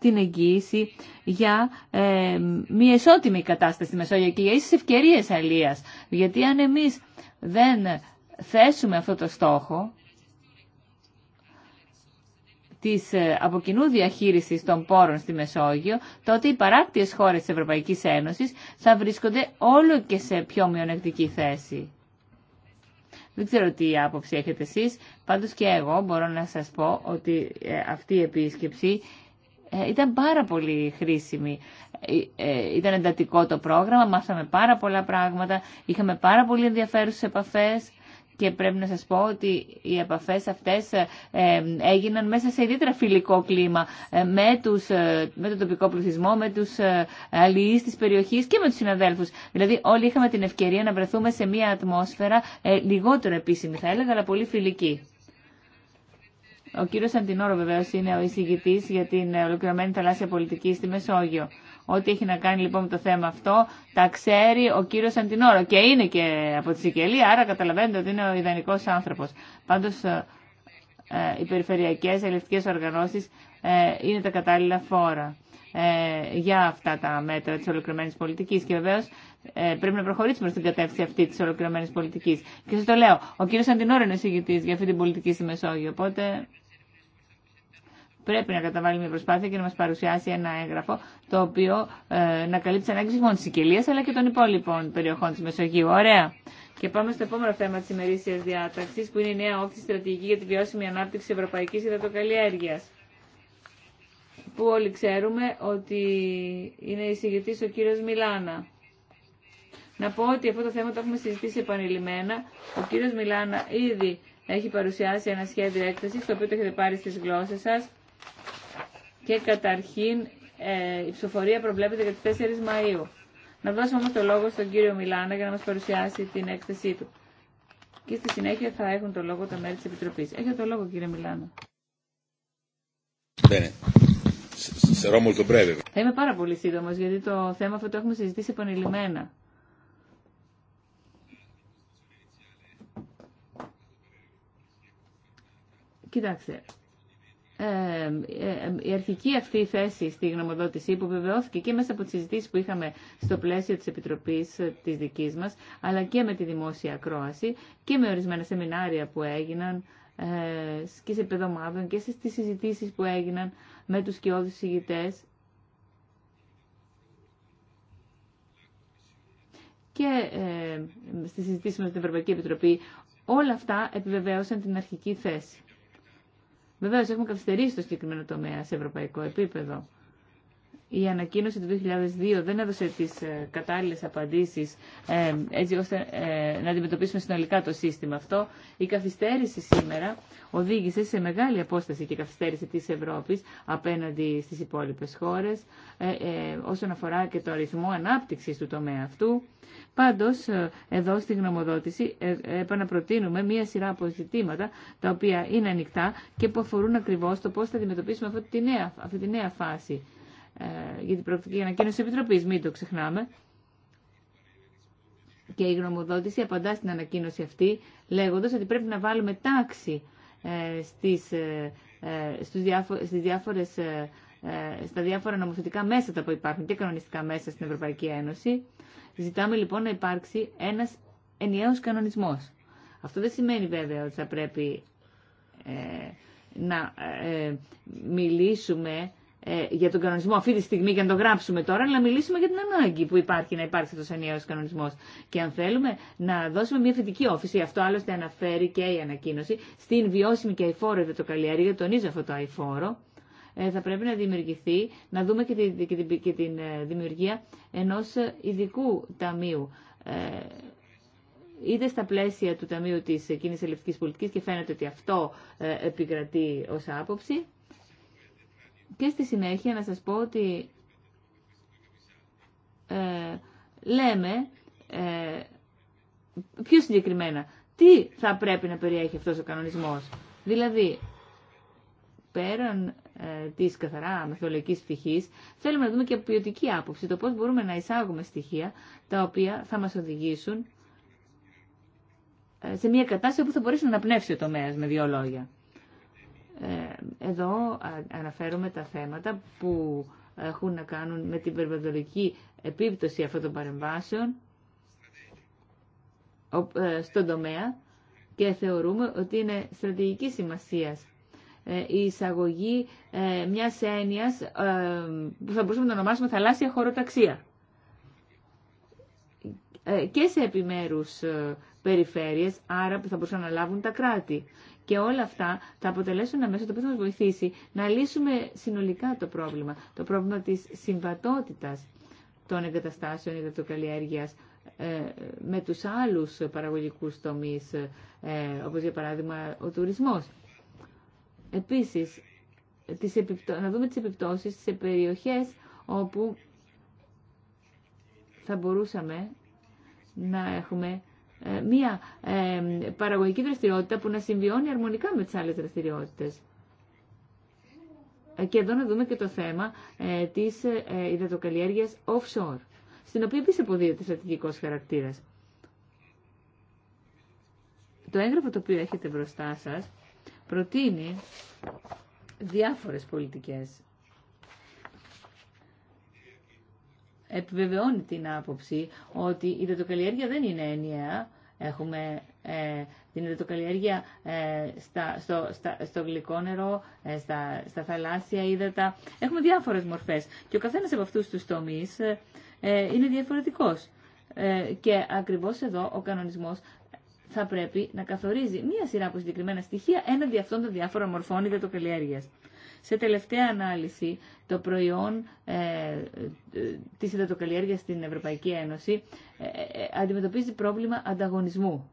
την εγγύηση για ε, μια ισότιμη κατάσταση στη Μεσόγειο και για ίσες ευκαιρίες αλίας. Γιατί αν εμείς δεν θέσουμε αυτό το στόχο της ε, από κοινού διαχείρισης των πόρων στη Μεσόγειο, τότε οι παράκτιες χώρες της Ευρωπαϊκής Ένωσης θα βρίσκονται όλο και σε πιο μειονεκτική θέση. Δεν ξέρω τι άποψη έχετε εσείς, πάντως και εγώ μπορώ να σας πω ότι ε, αυτή η επίσκεψη ε, ήταν πάρα πολύ χρήσιμη. Ε, ε, ήταν εντατικό το πρόγραμμα, μάθαμε πάρα πολλά πράγματα, είχαμε πάρα πολύ ενδιαφέρουσες επαφές και πρέπει να σας πω ότι οι επαφές αυτές έγιναν μέσα σε ιδιαίτερα φιλικό κλίμα με, τους, με τον τοπικό πληθυσμό, με τους αλληλείς της περιοχής και με τους συναδέλφους. Δηλαδή όλοι είχαμε την ευκαιρία να βρεθούμε σε μια ατμόσφαιρα λιγότερο επίσημη θα έλεγα, αλλά πολύ φιλική. Ο κύριος Αντινόρο βεβαίω είναι ο εισηγητή για την ε, ολοκληρωμένη θαλάσσια πολιτική στη Μεσόγειο. Ό,τι έχει να κάνει λοιπόν με το θέμα αυτό, τα ξέρει ο κύριος Αντινόρο και είναι και από τη Σικελία, άρα καταλαβαίνετε ότι είναι ο ιδανικός άνθρωπος. Πάντως, ε, ε, οι περιφερειακές οργανώσει οργανώσεις είναι τα κατάλληλα φόρα. Ε, για αυτά τα μέτρα τη ολοκληρωμένη πολιτική. Και βεβαίως ε, πρέπει να προχωρήσουμε την κατεύθυνση αυτή τη ολοκληρωμένη πολιτική. Και σα το λέω, ο κύριο Αντινόρ είναι για αυτή την πολιτική στη Μεσόγειο, οπότε πρέπει να καταβάλει μια προσπάθεια και να μα παρουσιάσει ένα έγγραφο το οποίο ε, να καλύψει ανάγκε μόνο τη Σικελία αλλά και των υπόλοιπων περιοχών τη Μεσογείου. Ωραία. Και πάμε στο επόμενο θέμα τη ημερήσια διάταξη που είναι η νέα όφηση στρατηγική για τη βιώσιμη ανάπτυξη ευρωπαϊκή υδατοκαλλιέργεια που όλοι ξέρουμε ότι είναι εισηγητής ο κύριος Μιλάνα. Να πω ότι αυτό το θέμα το έχουμε συζητήσει επανειλημμένα. Ο κύριος Μιλάνα ήδη έχει παρουσιάσει ένα σχέδιο έκθεσης, το οποίο το έχετε πάρει στις γλώσσες σας. Και καταρχήν ε, η ψηφοφορία προβλέπεται για τις 4 Μαΐου. Να δώσουμε όμως το λόγο στον κύριο Μιλάνα για να μας παρουσιάσει την έκθεσή του. Και στη συνέχεια θα έχουν το λόγο τα μέλη της Επιτροπής. Έχετε το λόγο κύριε Μιλάνα. Θα είμαι πάρα πολύ σύντομο γιατί το θέμα αυτό το έχουμε συζητήσει επανειλημμένα. Κοιτάξτε, ε, η αρχική αυτή θέση στη γνωμοδότηση που βεβαιώθηκε και μέσα από τις συζητήσεις που είχαμε στο πλαίσιο της Επιτροπής ε, της δικής μας αλλά και με τη δημόσια ακρόαση και με ορισμένα σεμινάρια που έγιναν ε, και σε παιδομάδων και στις συζητήσεις που έγιναν με τους σκιώδεις ηγητές και ε, στη συζήτηση με την Ευρωπαϊκή Επιτροπή, όλα αυτά επιβεβαίωσαν την αρχική θέση. Βεβαίω, έχουμε καθυστερήσει το συγκεκριμένο τομέα σε ευρωπαϊκό επίπεδο η ανακοίνωση του 2002 δεν έδωσε τις ε, κατάλληλες απαντήσεις ε, έτσι ώστε ε, να αντιμετωπίσουμε συνολικά το σύστημα αυτό. Η καθυστέρηση σήμερα οδήγησε σε μεγάλη απόσταση και καθυστέρηση της Ευρώπης απέναντι στις υπόλοιπες χώρες όσον αφορά και το αριθμό ανάπτυξης του τομέα αυτού. Πάντως, εδώ στη γνωμοδότηση επαναπροτείνουμε μία σειρά αποζητήματα τα οποία είναι ανοιχτά και που αφορούν ακριβώς το πώς θα αντιμετωπίσουμε αυτή τη νέα, αυτή τη νέα φάση ε, για την προοπτική ανακοίνωση τη Επιτροπής, μην το ξεχνάμε. Και η γνωμοδότηση απαντά στην ανακοίνωση αυτή, λέγοντας ότι πρέπει να βάλουμε τάξη ε, στις, ε, στις διάφορες, στα διάφορα νομοθετικά μέσα τα που υπάρχουν και κανονιστικά μέσα στην Ευρωπαϊκή Ένωση. Ζητάμε λοιπόν να υπάρξει ένας ενιαίος κανονισμός. Αυτό δεν σημαίνει βέβαια ότι θα πρέπει να μιλήσουμε ε, για τον κανονισμό αυτή τη στιγμή και να το γράψουμε τώρα, αλλά να μιλήσουμε για την ανάγκη που υπάρχει να υπάρξει αυτό ο ενιαίο κανονισμό. Και αν θέλουμε να δώσουμε μια θετική όφηση, αυτό άλλωστε αναφέρει και η ανακοίνωση, στην βιώσιμη και αηφόρο ευρωτοκαλλιέργεια, τονίζω αυτό το αηφόρο, ε, θα πρέπει να δημιουργηθεί, να δούμε και την, και την, και ε, δημιουργία ενό ειδικού ταμείου. Ε, είτε στα πλαίσια του Ταμείου της Κοινής Ελευθερικής Πολιτικής και φαίνεται ότι αυτό επικρατεί ως άποψη, και στη συνέχεια να σας πω ότι ε, λέμε ε, πιο συγκεκριμένα τι θα πρέπει να περιέχει αυτός ο κανονισμός. Δηλαδή, πέραν ε, της καθαρά μεθολογικής πτυχής, θέλουμε να δούμε και ποιοτική άποψη, το πώς μπορούμε να εισάγουμε στοιχεία τα οποία θα μας οδηγήσουν ε, σε μια κατάσταση όπου θα μπορέσει να αναπνεύσει ο τομέας, με δύο λόγια. Ε, εδώ αναφέρομαι τα θέματα που έχουν να κάνουν με την περιβαλλοντική επίπτωση αυτών των παρεμβάσεων ε, στον τομέα και θεωρούμε ότι είναι στρατηγική σημασίας ε, η εισαγωγή μια έννοια που θα μπορούσαμε να ονομάσουμε θαλάσσια χωροταξία και σε επιμέρους περιφέρειες, άρα που θα μπορούσαν να λάβουν τα κράτη. Και όλα αυτά θα αποτελέσουν ένα το οποίο θα μα βοηθήσει να λύσουμε συνολικά το πρόβλημα. Το πρόβλημα τη συμβατότητας των εγκαταστάσεων υδατοκαλλιέργεια ε, με τους άλλους παραγωγικούς τομείς, ε, όπως για παράδειγμα ο τουρισμός. Επίσης, τις να δούμε τις επιπτώσεις σε περιοχές όπου θα μπορούσαμε να έχουμε ε, μία ε, παραγωγική δραστηριότητα που να συμβιώνει αρμονικά με τις άλλες δραστηριότητες. Ε, και εδώ να δούμε και το θέμα της υδατοκαλλιέργειας offshore, στην οποία επίσης αποδίδεται στρατηγικός χαρακτήρας. Το έγγραφο το οποίο έχετε μπροστά σας προτείνει διάφορες πολιτικές επιβεβαιώνει την άποψη ότι η δετοκαλλιέργεια δεν είναι ενιαία. Έχουμε ε, την υδατοκαλλιέργεια ε, στα, στο, στα, στο γλυκό νερό, ε, στα, στα θαλάσσια ύδατα. Έχουμε διάφορες μορφές και ο καθένας από αυτούς τους τομείς ε, είναι διαφορετικός. Και ακριβώς εδώ ο κανονισμός θα πρέπει να καθορίζει μία σειρά από συγκεκριμένα στοιχεία έναντι αυτών των διάφορων μορφών υδατοκαλλιέργειας. Σε τελευταία ανάλυση, το προϊόν ε, ε της στην Ευρωπαϊκή Ένωση ε, ε, αντιμετωπίζει πρόβλημα ανταγωνισμού.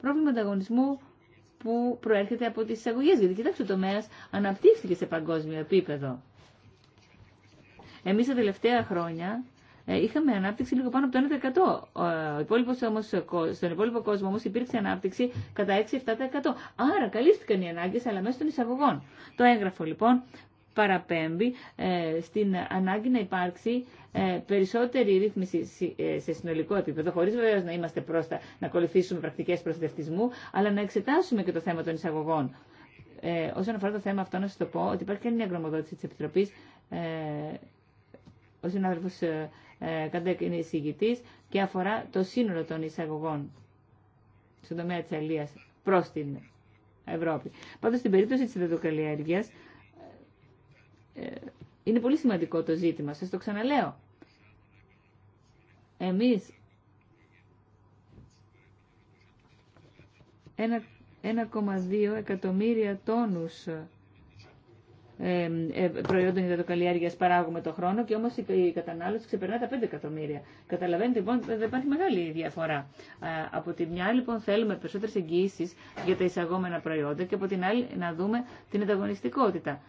Πρόβλημα ανταγωνισμού που προέρχεται από τις εισαγωγές, γιατί κοιτάξτε ο τομέας αναπτύχθηκε σε παγκόσμιο επίπεδο. Εμείς τα τελευταία χρόνια ε, είχαμε ανάπτυξη λίγο πάνω από το 1%. Ε, όμως, ε, στον υπόλοιπο κόσμο όμω υπήρξε ανάπτυξη κατά 6-7%. Άρα καλύφθηκαν οι ανάγκε, αλλά μέσα των εισαγωγών. Το έγγραφο λοιπόν παραπέμπει στην ανάγκη να υπάρξει περισσότερη ρύθμιση σε συνολικό επίπεδο, χωρίς βεβαίω να είμαστε πρόστα, να ακολουθήσουμε πρακτικές προστατευτισμού, αλλά να εξετάσουμε και το θέμα των εισαγωγών. Ε, όσον αφορά το θέμα αυτό, να σα το πω ότι υπάρχει και μια γνωμοδότηση τη Επιτροπή. ο συνάδελφο ε, κατά είναι και αφορά το σύνολο των εισαγωγών στον τομέα της αλίας προς την Ευρώπη. Πάντως στην περίπτωση της ιδετοκαλλιέργειας ε, ε, είναι πολύ σημαντικό το ζήτημα, σας το ξαναλέω. Εμείς 1,2 εκατομμύρια τόνους ε, προϊόντων υδατοκαλλιέργειας παράγουμε το χρόνο και όμως η κατανάλωση ξεπερνά τα 5 εκατομμύρια. Καταλαβαίνετε λοιπόν δεν υπάρχει μεγάλη διαφορά. Από τη μια λοιπόν θέλουμε περισσότερες εγγυήσεις για τα εισαγόμενα προϊόντα και από την άλλη να δούμε την ανταγωνιστικότητα.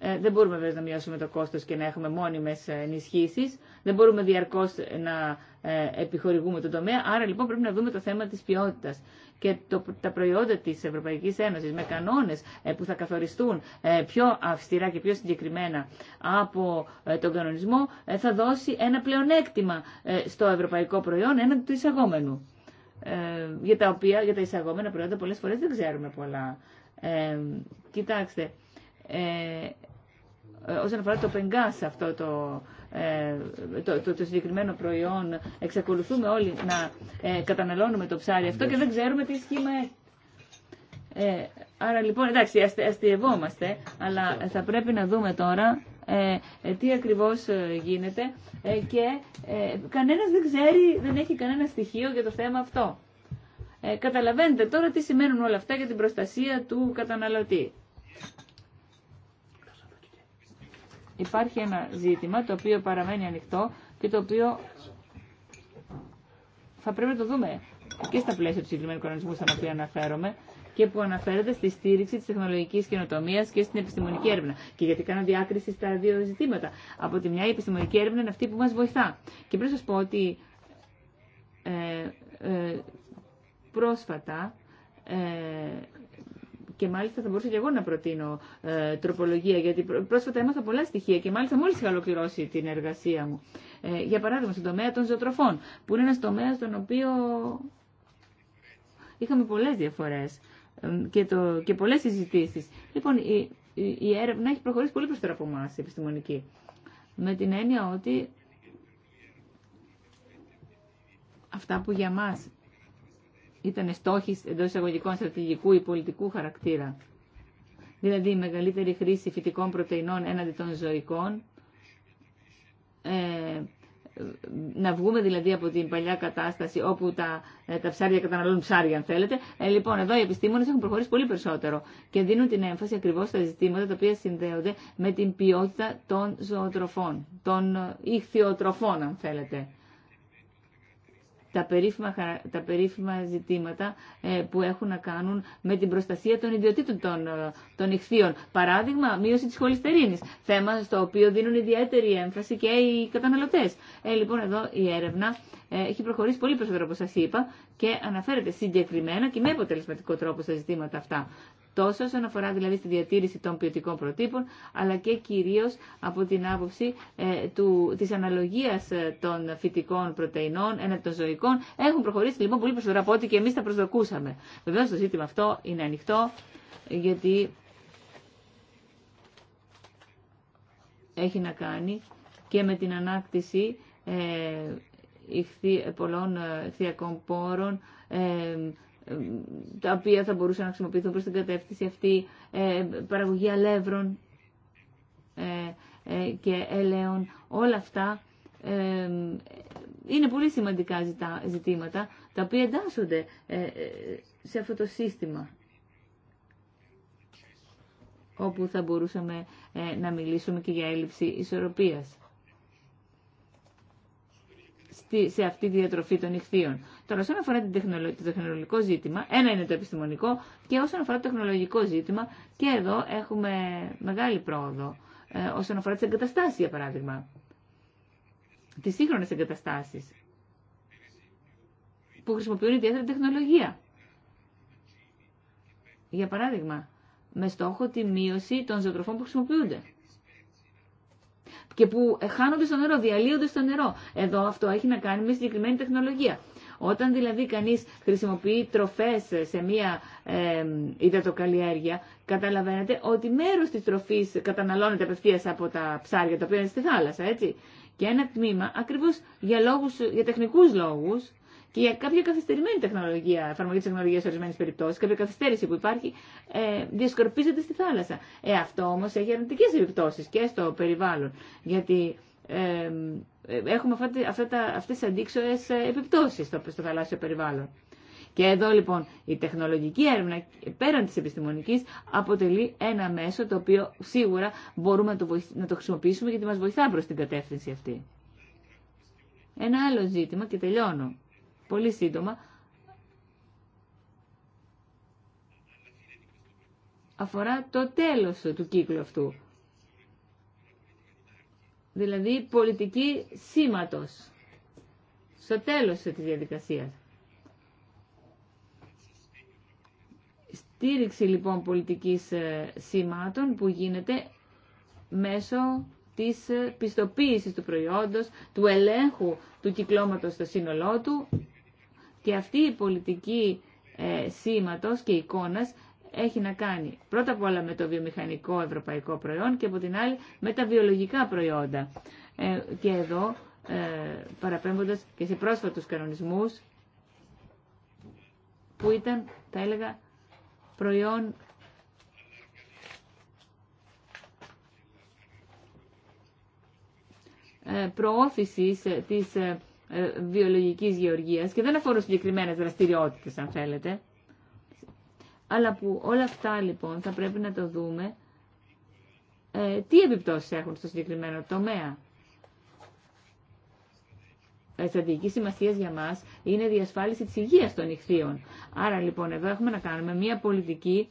Ε, δεν μπορούμε βέβαια να μειώσουμε το κόστος και να έχουμε μόνιμες ενισχύσεις. Δεν μπορούμε διαρκώς να ε, επιχορηγούμε τον τομέα. Άρα λοιπόν πρέπει να δούμε το θέμα της ποιότητας. Και το, τα προϊόντα της Ευρωπαϊκής Ένωσης με κανόνες ε, που θα καθοριστούν ε, πιο αυστηρά και πιο συγκεκριμένα από τον κανονισμό θα δώσει ένα πλεονέκτημα στο ευρωπαϊκό προϊόν έναντι του εισαγόμενου. για τα οποία, για τα εισαγόμενα προϊόντα πολλές φορές δεν ξέρουμε πολλά. κοιτάξτε, ε, ε, όσον αφορά το πενγκάς αυτό ε, το, το, συγκεκριμένο προϊόν, εξακολουθούμε όλοι να ε, καταναλώνουμε το ψάρι αυτό και δεν ξέρουμε τι σχήμα έχει. Ε, άρα λοιπόν, εντάξει, αστε, αστειευόμαστε, αλλά θα πρέπει να δούμε τώρα τι ακριβώς γίνεται και κανένας δεν ξέρει, δεν έχει κανένα στοιχείο για το θέμα αυτό. καταλαβαίνετε τώρα τι σημαίνουν όλα αυτά για την προστασία του καταναλωτή υπάρχει ένα ζήτημα το οποίο παραμένει ανοιχτό και το οποίο θα πρέπει να το δούμε και στα πλαίσια του συγκεκριμένου κανονισμού στα οποίο αναφέρομαι και που αναφέρεται στη στήριξη τη τεχνολογική καινοτομία και στην επιστημονική έρευνα. Και γιατί κάνω διάκριση στα δύο ζητήματα. Από τη μια, η επιστημονική έρευνα είναι αυτή που μα βοηθά. Και πρέπει να σα πω ότι ε, ε, πρόσφατα ε, και μάλιστα θα μπορούσα και εγώ να προτείνω ε, τροπολογία, γιατί πρόσφατα έμαθα πολλά στοιχεία και μάλιστα μόλι είχα ολοκληρώσει την εργασία μου. Ε, για παράδειγμα, στον τομέα των ζωοτροφών, που είναι ένα τομέα στον οποίο είχαμε πολλέ διαφορέ και, και πολλέ συζητήσει. Λοιπόν, η, η, έρευνα έχει προχωρήσει πολύ προ από εμά, επιστημονική. Με την έννοια ότι αυτά που για μας ήταν στόχοι εντό εισαγωγικών στρατηγικού ή πολιτικού χαρακτήρα. Δηλαδή η μεγαλύτερη χρήση φυτικών πρωτεϊνών έναντι των ζωικών. Ε, να βγούμε δηλαδή από την παλιά κατάσταση όπου τα, ε, τα ψάρια καταναλώνουν ψάρια, αν θέλετε. Ε, λοιπόν, εδώ οι επιστήμονε έχουν προχωρήσει πολύ περισσότερο και δίνουν την έμφαση ακριβώ στα ζητήματα τα οποία συνδέονται με την ποιότητα των ζωοτροφών, των ε, ηχθειοτροφών, αν θέλετε τα περίφημα, τα περίφημα ζητήματα ε, που έχουν να κάνουν με την προστασία των ιδιωτήτων των, ε, των ηχθείων. Παράδειγμα, μείωση της χολυστερίνης, θέμα στο οποίο δίνουν ιδιαίτερη έμφαση και οι καταναλωτές. Ε, λοιπόν, εδώ η έρευνα ε, έχει προχωρήσει πολύ περισσότερο, όπως σας είπα, και αναφέρεται συγκεκριμένα και με αποτελεσματικό τρόπο στα ζητήματα αυτά τόσο όσον αφορά δηλαδή στη διατήρηση των ποιοτικών προτύπων, αλλά και κυρίως από την άποψη ε, του, της αναλογίας ε, των φυτικών πρωτεϊνών έναντι των ζωικών. Έχουν προχωρήσει λοιπόν πολύ προσφορά από ό,τι και εμείς τα προσδοκούσαμε. Βεβαίω το ζήτημα αυτό είναι ανοιχτό, γιατί έχει να κάνει και με την ανάκτηση ε, ε πολλών ε, θεακών πόρων, ε, τα οποία θα μπορούσαν να χρησιμοποιηθούν προς την κατεύθυνση αυτή, ε, παραγωγή αλεύρων ε, ε, και ελαίων, όλα αυτά είναι πολύ σημαντικά ζητήματα, τα οποία εντάσσονται σε αυτό το σύστημα όπου θα μπορούσαμε να μιλήσουμε και για έλλειψη ισορροπίας σε αυτή τη διατροφή των ηχθείων. Τώρα, όσον αφορά το τεχνολογικό ζήτημα, ένα είναι το επιστημονικό και όσον αφορά το τεχνολογικό ζήτημα, και εδώ έχουμε μεγάλη πρόοδο. Ε, όσον αφορά τι εγκαταστάσει, για παράδειγμα. Τι σύγχρονε εγκαταστάσει που χρησιμοποιούν ιδιαίτερη τεχνολογία. Για παράδειγμα, με στόχο τη μείωση των ζωοτροφών που χρησιμοποιούνται και που χάνονται στο νερό, διαλύονται στο νερό. Εδώ αυτό έχει να κάνει με συγκεκριμένη τεχνολογία. Όταν δηλαδή κανείς χρησιμοποιεί τροφές σε μία ε, υδατοκαλλιέργεια, καταλαβαίνετε ότι μέρος της τροφής καταναλώνεται απευθείας από τα ψάρια τα οποία είναι στη θάλασσα, έτσι. Και ένα τμήμα, ακριβώς για, λόγους, για τεχνικούς λόγους, και κάποια καθυστερημένη τεχνολογία, εφαρμογή τη τεχνολογία σε ορισμένε περιπτώσει, κάποια καθυστέρηση που υπάρχει, ε, διασκορπίζεται στη θάλασσα. Ε, αυτό όμω έχει αρνητικέ επιπτώσει και στο περιβάλλον. Γιατί ε, ε έχουμε αυτέ αυτά τα, αυτές τις αντίξωες ε, επιπτώσεις στο, στο θαλάσσιο περιβάλλον. Και εδώ λοιπόν η τεχνολογική έρευνα πέραν της επιστημονικής αποτελεί ένα μέσο το οποίο σίγουρα μπορούμε να το, να το χρησιμοποιήσουμε γιατί μας βοηθά προς την κατεύθυνση αυτή. Ένα άλλο ζήτημα και τελειώνω πολύ σύντομα, αφορά το τέλος του κύκλου αυτού. Δηλαδή πολιτική σήματος στο τέλος της διαδικασίας. Στήριξη λοιπόν πολιτικής ε, σήματων που γίνεται μέσω της ε, πιστοποίησης του προϊόντος, του ελέγχου του κυκλώματος στο σύνολό του και αυτή η πολιτική ε, σήματος και εικόνας έχει να κάνει πρώτα απ' όλα με το βιομηχανικό ευρωπαϊκό προϊόν και από την άλλη με τα βιολογικά προϊόντα. Ε, και εδώ, ε, παραπέμποντας και σε πρόσφατους κανονισμούς, που ήταν, θα έλεγα, προϊόν ε, προώθησης ε, της ε, βιολογικής γεωργίας και δεν αφορούν συγκεκριμένε δραστηριότητε, αν θέλετε αλλά που όλα αυτά λοιπόν θα πρέπει να το δούμε ε, τι επιπτώσεις έχουν στο συγκεκριμένο τομέα. Η ε, στρατηγική σημασία για μα είναι η διασφάλιση τη υγεία των ηχθείων. Άρα λοιπόν εδώ έχουμε να κάνουμε μια πολιτική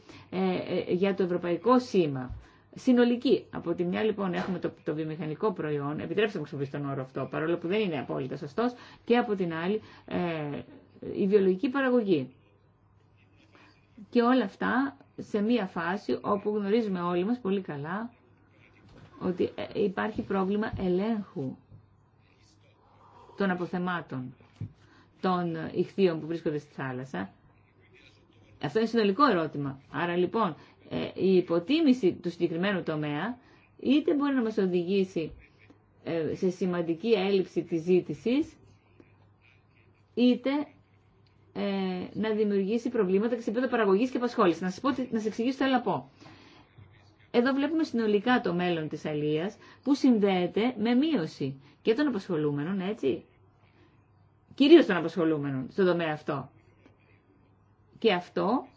για το ευρωπαϊκό σήμα συνολική. Από τη μια λοιπόν έχουμε το, το βιομηχανικό προϊόν, επιτρέψτε μου χρησιμοποιήσω τον όρο αυτό, παρόλο που δεν είναι απόλυτα σωστός, και από την άλλη ε, η βιολογική παραγωγή. Και όλα αυτά σε μια φάση όπου γνωρίζουμε όλοι μας πολύ καλά ότι ε, υπάρχει πρόβλημα ελέγχου των αποθεμάτων των ηχθείων που βρίσκονται στη θάλασσα. Αυτό είναι συνολικό ερώτημα. Άρα λοιπόν ε, η υποτίμηση του συγκεκριμένου τομέα είτε μπορεί να μας οδηγήσει ε, σε σημαντική έλλειψη της ζήτησης είτε ε, να δημιουργήσει προβλήματα και σε επίπεδο παραγωγής και απασχόλησης. Να σας, πω, να σας εξηγήσω τι θέλω να πω. Εδώ βλέπουμε συνολικά το μέλλον της αλίας που συνδέεται με μείωση και των απασχολούμενων, έτσι. Κυρίως των απασχολούμενων στον τομέα αυτό. Και αυτό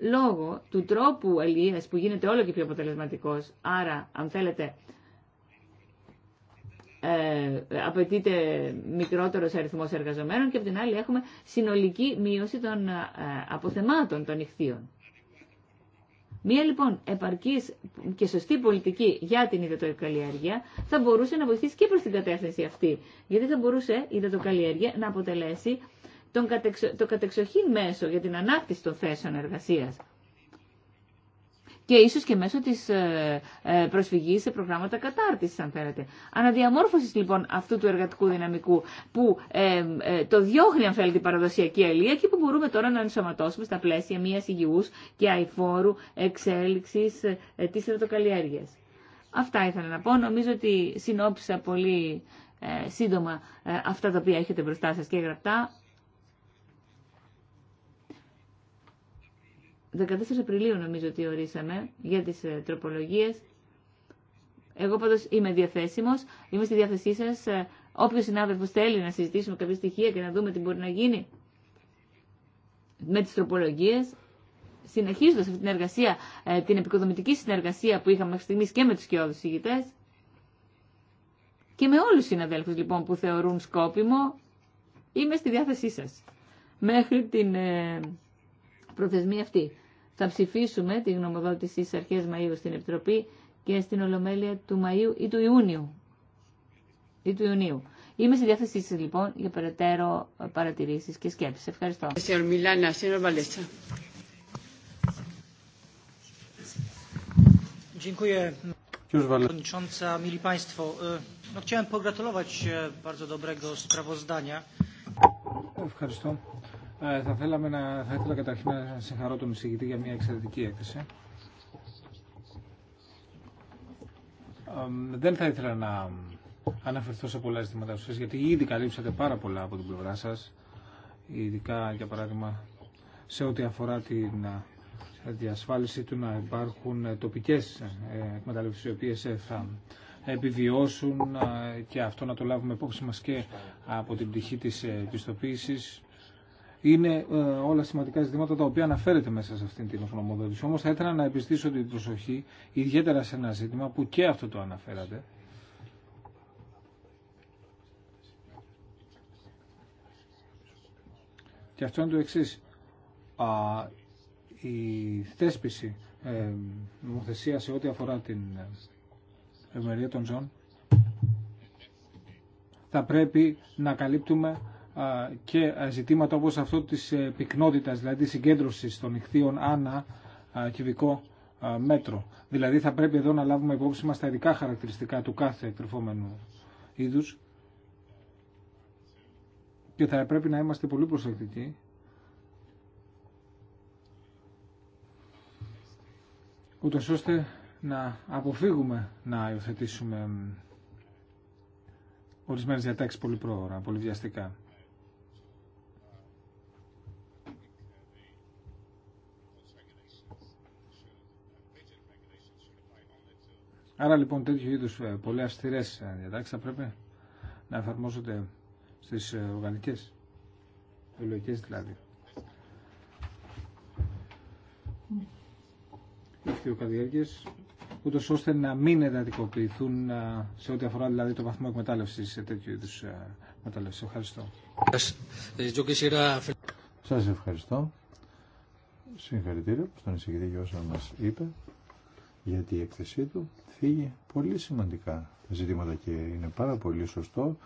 λόγω του τρόπου Ελίας που γίνεται όλο και πιο αποτελεσματικός. Άρα, αν θέλετε, ε, απαιτείται μικρότερος αριθμός εργαζομένων και από την άλλη έχουμε συνολική μείωση των ε, αποθεμάτων των ηχθείων. Μία λοιπόν επαρκής και σωστή πολιτική για την ιδετοκαλλιέργεια θα μπορούσε να βοηθήσει και προς την κατεύθυνση αυτή. Γιατί θα μπορούσε η ιδετοκαλλιέργεια να αποτελέσει το κατεξοχήν μέσο για την ανάπτυξη των θέσεων εργασίας και ίσως και μέσω της ε, ε, προσφυγής σε προγράμματα κατάρτισης, αν θέλετε. Αναδιαμόρφωσης λοιπόν αυτού του εργατικού δυναμικού που ε, το διώχνει, αν θέλετε, την παραδοσιακή αλληλεία και που μπορούμε τώρα να ενσωματώσουμε στα πλαίσια μιας υγιούς και αϊφόρου εξέλιξης ε, της ερωτοκαλλιέργειας. Αυτά ήθελα να πω. Νομίζω ότι συνόψισα πολύ σύντομα αυτά τα οποία έχετε μπροστά σας και γραπτά. 14 Απριλίου νομίζω ότι ορίσαμε για τις ε, τροπολογίες. Εγώ πάντως είμαι διαθέσιμος, είμαι στη διάθεσή σας. Ε, Όποιο συνάδελφος θέλει να συζητήσουμε κάποια στοιχεία και να δούμε τι μπορεί να γίνει με τις τροπολογίες, συνεχίζοντας αυτή την εργασία, ε, την επικοδομητική συνεργασία που είχαμε μέχρι στιγμής και με τους κοιόδους ηγητές και με όλους τους συναδέλφους λοιπόν που θεωρούν σκόπιμο, είμαι στη διάθεσή σας μέχρι την προθεσμία αυτή θα ψηφίσουμε τη γνωμοδότηση στι αρχές Μαΐου στην Επιτροπή και στην Ολομέλεια του Μαΐου ή του Ιούνιου. Ή του Ιουνίου. Είμαι στη διάθεσή σα λοιπόν για περαιτέρω παρατηρήσει και σκέψει. Ευχαριστώ. Ευχαριστώ. Ε, θα, θέλαμε να, θα ήθελα καταρχήν να συγχαρώ τον εισηγητή για μια εξαιρετική έκθεση. Ε, δεν θα ήθελα να αναφερθώ σε πολλά ζητήματα σας, γιατί ήδη καλύψατε πάρα πολλά από την πλευρά σα, ειδικά για παράδειγμα σε ό,τι αφορά την ε, διασφάλιση του να υπάρχουν τοπικές εκμεταλλεύσεις οι οποίε θα επιβιώσουν και αυτό να το λάβουμε υπόψη μας και από την πτυχή της πιστοποίησης είναι ε, όλα σημαντικά ζητήματα τα οποία αναφέρεται μέσα σε αυτήν την γνωμοδότηση. Όμω θα ήθελα να επιστήσω την προσοχή ιδιαίτερα σε ένα ζήτημα που και αυτό το αναφέρατε. Και αυτό είναι το εξή. Η θέσπιση ε, νομοθεσία σε ό,τι αφορά την ευμερία των ζών θα πρέπει να καλύπτουμε και ζητήματα όπως αυτό της ε, πυκνότητας, δηλαδή της συγκέντρωσης των νυχθείων ανά κυβικό μέτρο. Δηλαδή θα πρέπει εδώ να λάβουμε υπόψη μας τα ειδικά χαρακτηριστικά του κάθε τρεφόμενου είδους και θα πρέπει να είμαστε πολύ προσεκτικοί ούτως ώστε να αποφύγουμε να υιοθετήσουμε ορισμένες διατάξεις πολύ πρόωρα, πολύ βιαστικά. Άρα λοιπόν τέτοιου είδου ε, πολύ αυστηρέ ε, διατάξεις θα πρέπει να εφαρμόζονται στις ε, οργανικέ βιολογικέ δηλαδή. Ηχθειοκαλλιέργειες, ούτω ώστε να μην εντατικοποιηθούν σε ό,τι αφορά δηλαδή το βαθμό εκμετάλλευση σε τέτοιου είδου εκμετάλλευση. Ευχαριστώ. Σα ευχαριστώ. Συγχαρητήρια που στον εισηγητή για όσα μα είπε γιατί η έκθεσή του φύγει πολύ σημαντικά ζητήματα και είναι πάρα πολύ σωστό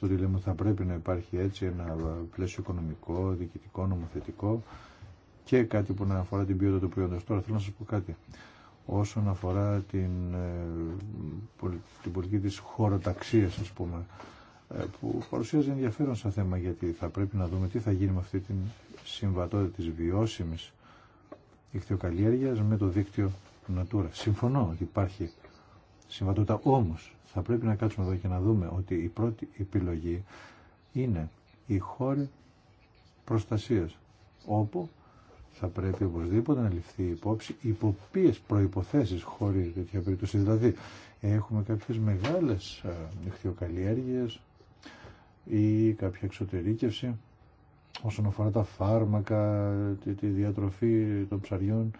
το ότι λέμε θα πρέπει να υπάρχει έτσι ένα πλαίσιο οικονομικό, διοικητικό, νομοθετικό και κάτι που να αφορά την ποιότητα του προϊόντος. Τώρα θέλω να σας πω κάτι όσον αφορά την, ε, την πολιτική της χωροταξίας ας πούμε ε, που παρουσιάζει ενδιαφέρον σαν θέμα γιατί θα πρέπει να δούμε τι θα γίνει με αυτή την συμβατότητα της βιώσιμης ικτιοκαλλιέργειας με το δίκτυο Συμφωνώ ότι υπάρχει συμβατότητα, όμως θα πρέπει να κάτσουμε εδώ και να δούμε ότι η πρώτη επιλογή είναι η χώρη προστασίας, όπου θα πρέπει οπωσδήποτε να ληφθεί υπόψη υπό ποιες προϋποθέσεις χώρη τέτοια περίπτωση. Δηλαδή, έχουμε κάποιες μεγάλες ε, νυχτιοκαλλιέργειες ή κάποια εξωτερήκευση όσον αφορά τα φάρμακα, τη, τη διατροφή των ψαριών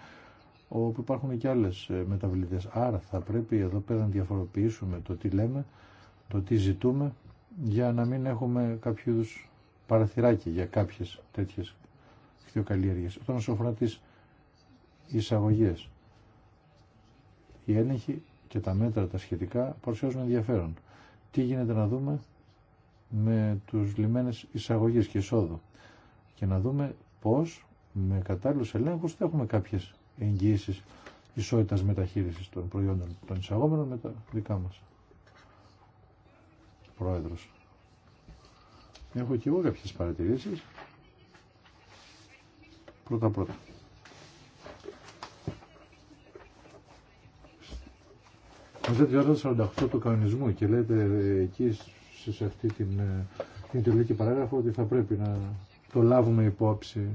όπου υπάρχουν και άλλες ε, μεταβλητές. Άρα θα πρέπει εδώ πέρα να διαφοροποιήσουμε το τι λέμε, το τι ζητούμε, για να μην έχουμε κάποιο είδου παραθυράκι για κάποιες τέτοιες χτιοκαλλιέργειες. Όταν να αφορά τις εισαγωγές, οι έλεγχοι και τα μέτρα τα σχετικά παρουσιάζουν ενδιαφέρον. Τι γίνεται να δούμε με τους λιμένες εισαγωγές και εισόδου και να δούμε πώς με κατάλληλους ελέγχους θα έχουμε κάποιες εγγύησης ισότητα μεταχείρισης των προϊόντων των εισαγόμενων με τα δικά μα. Πρόεδρος. Έχω και εγώ κάποιε παρατηρήσεις. Πρώτα πρώτα. Μετά τη του 48 του κανονισμού και λέτε εκεί σε αυτή την, ε, την τελική παράγραφο ότι θα πρέπει να το λάβουμε υπόψη.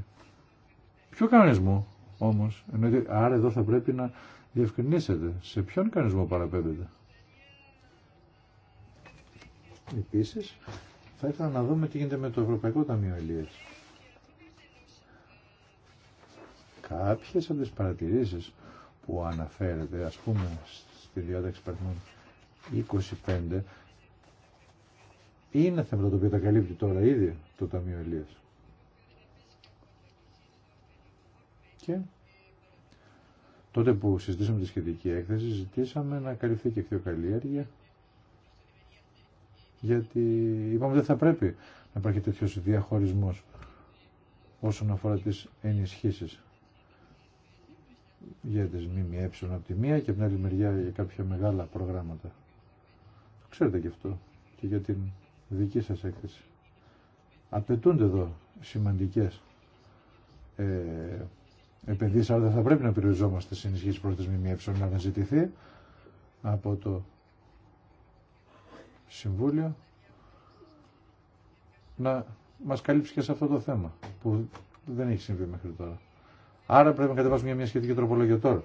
Ποιο κανονισμό? όμως. άρα εδώ θα πρέπει να διευκρινίσετε σε ποιον κανονισμό παραπέμπεται. Επίσης, θα ήθελα να δούμε τι γίνεται με το Ευρωπαϊκό Ταμείο Ελίας. Κάποιε από τις παρατηρήσεις που αναφέρεται, ας πούμε, στη διάταξη παρτιμών 25, είναι θέματα τα τα καλύπτει τώρα ήδη το Ταμείο Ελίας. Και Τότε που συζητήσαμε τη σχετική έκθεση, ζητήσαμε να καλυφθεί και η καλλιέργεια, γιατί είπαμε δεν θα πρέπει να υπάρχει τέτοιο διαχωρισμό όσον αφορά τις ενισχύσει. για τι ΜΜΕ από τη μία και από την άλλη μεριά για κάποια μεγάλα προγράμματα. ξέρετε και αυτό και για την δική σας έκθεση. Απαιτούνται εδώ σημαντικές ε, επενδύσει, αλλά δεν θα πρέπει να περιοριζόμαστε σε ενισχύσει προ τι να αναζητηθεί από το Συμβούλιο να μας καλύψει και σε αυτό το θέμα που δεν έχει συμβεί μέχρι τώρα. Άρα πρέπει να κατεβάσουμε μια, μια σχετική τροπολογία τώρα.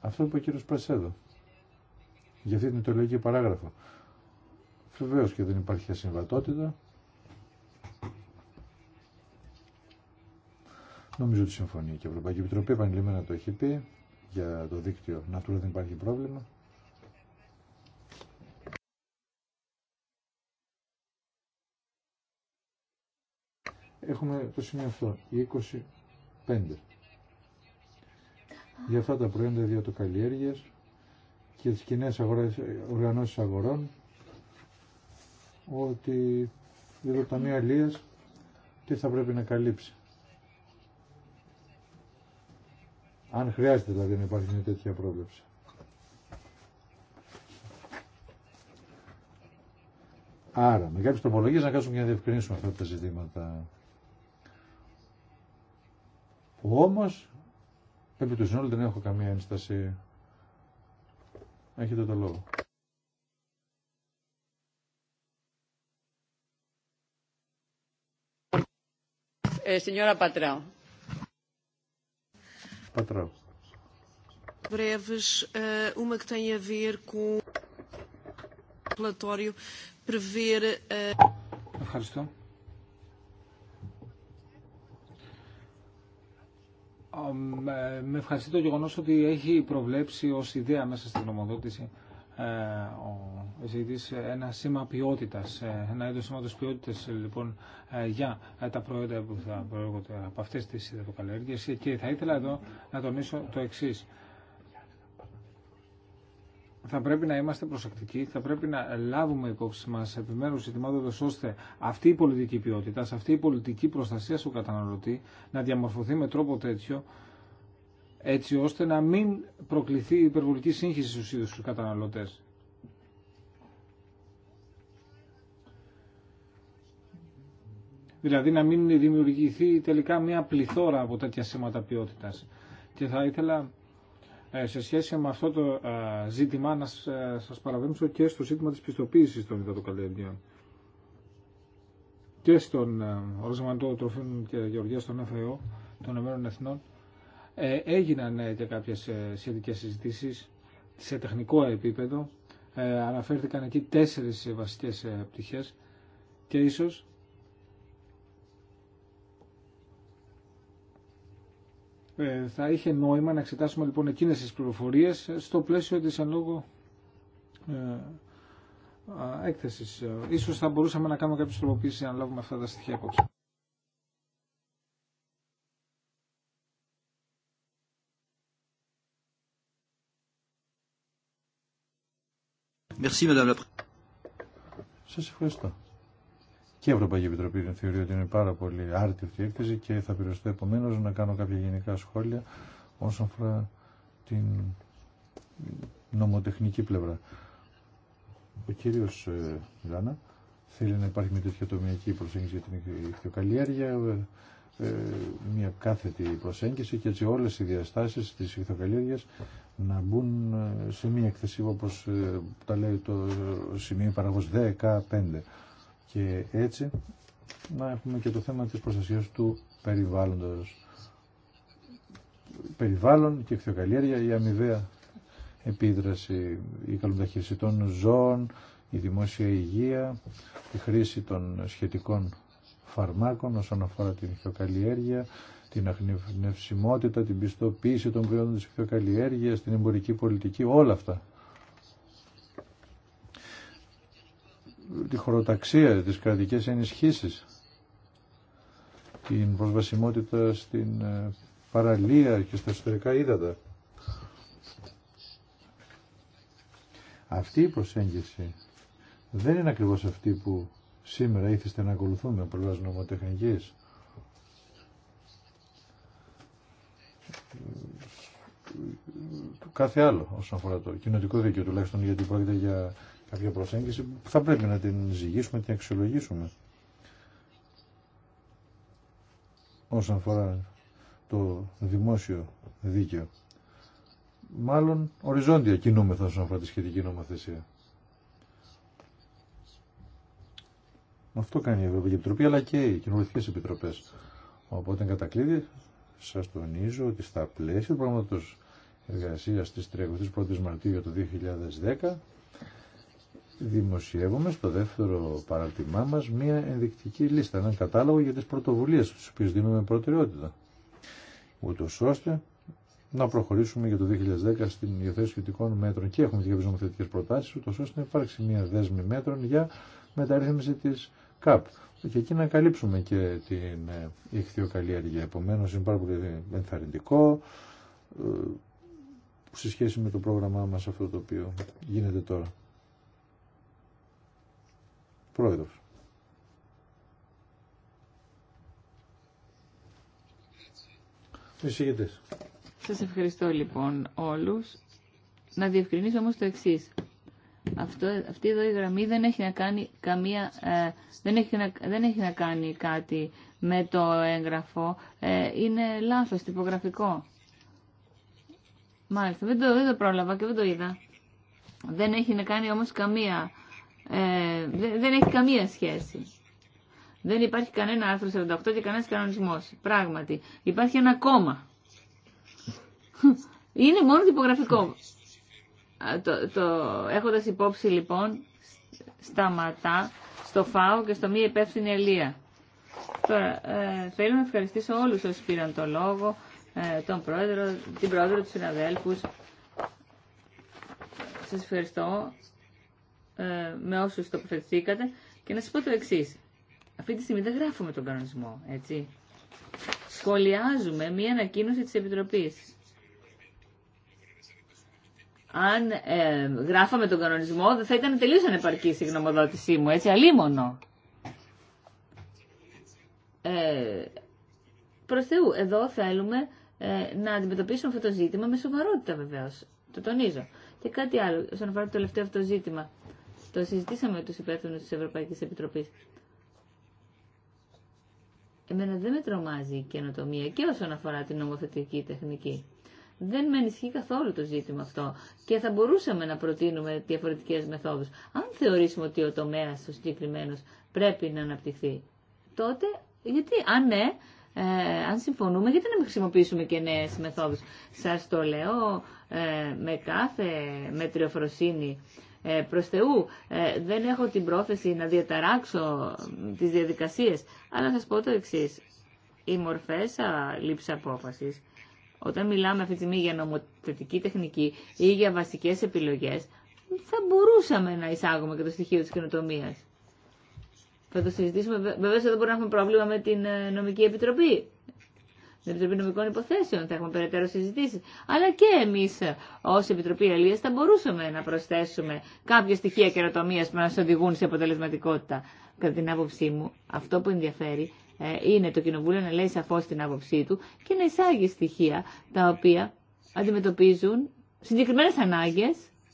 Αυτό που ο κύριος Πρασέδο για αυτή την ιτολογική παράγραφο. Βεβαίω και δεν υπάρχει ασυμβατότητα. Νομίζω ότι συμφωνεί και η Ευρωπαϊκή Επιτροπή επανειλημμένα το έχει πει για το δίκτυο να Natura δεν υπάρχει πρόβλημα. Έχουμε το σημείο αυτό, 25. Για αυτά τα προϊόντα ιδιωτοκαλλιέργειας και τις κοινέ οργανώσεις αγορών ότι η Ταμείο Αλίας τι θα πρέπει να καλύψει. Αν χρειάζεται δηλαδή να υπάρχει μια τέτοια πρόβλεψη. Άρα, με κάποιες τοπολογίες να κάτσουμε για να διευκρινίσουμε αυτά τα ζητήματα. Όμως, επί του συνόλου δεν έχω καμία ένσταση. Έχετε το λόγο. Ε, Πατράου. Πατράου. Eh, eh, Ευχαριστώ. Ε, με ευχαριστεί το γεγονό ότι έχει προβλέψει ω ιδέα μέσα στην νομοδότηση ε, ο ζήτης ε, ένα σήμα ποιότητας, ε, ένα είδος σήματος ποιότητας λοιπόν για τα προϊόντα που θα προέρχονται από αυτές τις υδατοκαλλιέργειες και θα ήθελα εδώ να τονίσω το εξής. Θα πρέπει να είμαστε προσεκτικοί, θα πρέπει να λάβουμε υπόψη μα επιμέρου ζητημάτων, ώστε αυτή η πολιτική ποιότητα, αυτή η πολιτική προστασία του καταναλωτή να διαμορφωθεί με τρόπο τέτοιο, έτσι ώστε να μην προκληθεί υπερβολική σύγχυση στους ίδιους τους καταναλωτές. Δηλαδή να μην δημιουργηθεί τελικά μια πληθώρα από τέτοια σήματα ποιότητας. Και θα ήθελα ε, σε σχέση με αυτό το ε, ζήτημα να ε, σας παραβέμψω και στο ζήτημα της πιστοποίησης των υδατοκαλλιεργειών και στον οργανισμό τροφίμων και γεωργίας των ΕΦΕΟ των Ηνωμένων Εθνών ε, έγιναν ε, και κάποιες ε, σχετικές συζητήσεις σε τεχνικό επίπεδο. αναφέρθηκαν εκεί τέσσερις βασικές πτυχές και ίσως θα είχε νόημα να εξετάσουμε λοιπόν εκείνες τις πληροφορίες στο πλαίσιο της εν λόγω έκθεσης. Ίσως θα μπορούσαμε να κάνουμε κάποιες τροποποίησεις αν λάβουμε αυτά τα στοιχεία απόψε. Σα ευχαριστώ. Και η Ευρωπαϊκή Επιτροπή θεωρεί ότι είναι πάρα πολύ άρτη αυτή η έκθεση και θα περιοριστώ επομένω να κάνω κάποια γενικά σχόλια όσον αφορά την νομοτεχνική πλευρά. Ο κύριο ε, Λάνα θέλει να υπάρχει μια τέτοια τομιακή προσέγγιση για την ιχθυοκαλλιέργεια. Ε, μια κάθετη προσέγγιση και έτσι όλες οι διαστάσεις της ηθοκαλλιέργειας να μπουν ε, σε μια εκθεσή όπως ε, τα λέει το σημείο παραγωγός 15 και έτσι να έχουμε και το θέμα της προστασίας του περιβάλλοντος περιβάλλον και ηθοκαλλιέργεια η αμοιβαία επίδραση η καλονταχείριση των ζώων η δημόσια υγεία η χρήση των σχετικών φαρμάκων όσον αφορά την ηχιοκαλλιέργεια, την αχνευσιμότητα, την πιστοποίηση των προϊόντων της ηχιοκαλλιέργειας, την εμπορική πολιτική, όλα αυτά. Τη χωροταξία, τις κρατικές ενισχύσεις, την προσβασιμότητα στην ε, παραλία και στα ιστορικά ύδατα. Αυτή η προσέγγιση δεν είναι ακριβώς αυτή που σήμερα ήθεστε να ακολουθούμε πολλές νομοτεχνικές Κάθε άλλο όσον αφορά το κοινοτικό δίκαιο τουλάχιστον γιατί πρόκειται για κάποια προσέγγιση που θα πρέπει να την ζυγίσουμε, να την αξιολογήσουμε. Όσον αφορά το δημόσιο δίκαιο. Μάλλον οριζόντια κινούμεθα όσον αφορά τη σχετική νομοθεσία. Αυτό κάνει η Ευρωπαϊκή Επιτροπή αλλά και οι κοινοβουλευτικέ επιτροπέ. Οπότε, κατά κλείδι, σα τονίζω ότι στα πλαίσια του προγράμματο εργασία τη 31η Μαρτίου για το 2010 δημοσιεύουμε στο δεύτερο παραρτημά μα μία ενδεικτική λίστα, έναν κατάλογο για τι πρωτοβουλίε τις οποίε δίνουμε προτεραιότητα. Ούτω ώστε να προχωρήσουμε για το 2010 στην υιοθέτηση σχετικών μέτρων και έχουμε και νομοθετικέ προτάσει, ούτω ώστε να υπάρξει μια δέσμη μέτρων για μεταρρύθμιση τη και εκεί να καλύψουμε και την ε, ηχθειοκαλλιέργεια. Επομένως είναι πάρα πολύ ενθαρρυντικό ε, σε σχέση με το πρόγραμμά μας αυτό το οποίο γίνεται τώρα. Πρόεδρος. Σας ευχαριστώ λοιπόν όλους. Να διευκρινίσω όμως το εξής. Αυτό, αυτή εδώ η γραμμή δεν έχει να κάνει, καμία, ε, δεν έχει να, δεν έχει να κάνει κάτι με το έγγραφο. Ε, είναι λάθος, τυπογραφικό. Μάλιστα, δεν το, δεν το πρόλαβα και δεν το είδα. Δεν έχει να κάνει όμως καμία... Ε, δεν, δεν έχει καμία σχέση. Δεν υπάρχει κανένα άρθρο 48 και κανένας κανονισμός. Πράγματι. Υπάρχει ένα κόμμα. Είναι μόνο τυπογραφικό το, έχοντας υπόψη λοιπόν σταματά στο ΦΑΟ και στο μη υπεύθυνη Ελία. Τώρα, ε, θέλω να ευχαριστήσω όλους όσοι πήραν το λόγο, ε, τον πρόεδρο, την πρόεδρο, τους συναδέλφους. Σας ευχαριστώ ε, με όσους τοποθετηθήκατε και να σας πω το εξή. Αυτή τη στιγμή δεν γράφουμε τον κανονισμό, έτσι. Σχολιάζουμε μία ανακοίνωση της Επιτροπής αν ε, γράφαμε τον κανονισμό, θα ήταν τελείως ανεπαρκή η γνωμοδότησή μου, έτσι, αλίμονο. Ε, προς Θεού, εδώ θέλουμε ε, να αντιμετωπίσουμε αυτό το ζήτημα με σοβαρότητα βεβαίως, το τονίζω. Και κάτι άλλο, όσον αφορά το τελευταίο αυτό ζήτημα, το συζητήσαμε με τους υπεύθυνους της Ευρωπαϊκής Επιτροπής. Εμένα δεν με τρομάζει η καινοτομία και όσον αφορά την νομοθετική τεχνική δεν με ενισχύει καθόλου το ζήτημα αυτό και θα μπορούσαμε να προτείνουμε διαφορετικές μεθόδους. Αν θεωρήσουμε ότι ο τομέας ο συγκεκριμένο πρέπει να αναπτυχθεί, τότε γιατί, αν ναι, ε, αν συμφωνούμε, γιατί να μην χρησιμοποιήσουμε και νέε μεθόδου. Σα το λέω ε, με κάθε μετριοφροσύνη ε, προ Θεού. Ε, δεν έχω την πρόθεση να διαταράξω τι διαδικασίε, αλλά σα πω το εξή. Οι μορφέ λήψη απόφαση όταν μιλάμε αυτή τη στιγμή για νομοθετική τεχνική ή για βασικές επιλογές, θα μπορούσαμε να εισάγουμε και το στοιχείο της καινοτομία. Θα το συζητήσουμε. Βεβαίω δεν μπορούμε να έχουμε πρόβλημα με την ε, νομική επιτροπή. Την Επιτροπή Νομικών Υποθέσεων θα έχουμε περαιτέρω συζητήσει. Αλλά και εμεί ε, ω Επιτροπή Ελία θα μπορούσαμε να προσθέσουμε κάποια στοιχεία καινοτομία που να μα οδηγούν σε αποτελεσματικότητα. Κατά την άποψή μου, αυτό που ενδιαφέρει ε, είναι το Κοινοβούλιο να λέει σαφώ την άποψή του και να εισάγει στοιχεία τα οποία αντιμετωπίζουν συγκεκριμένε ανάγκε,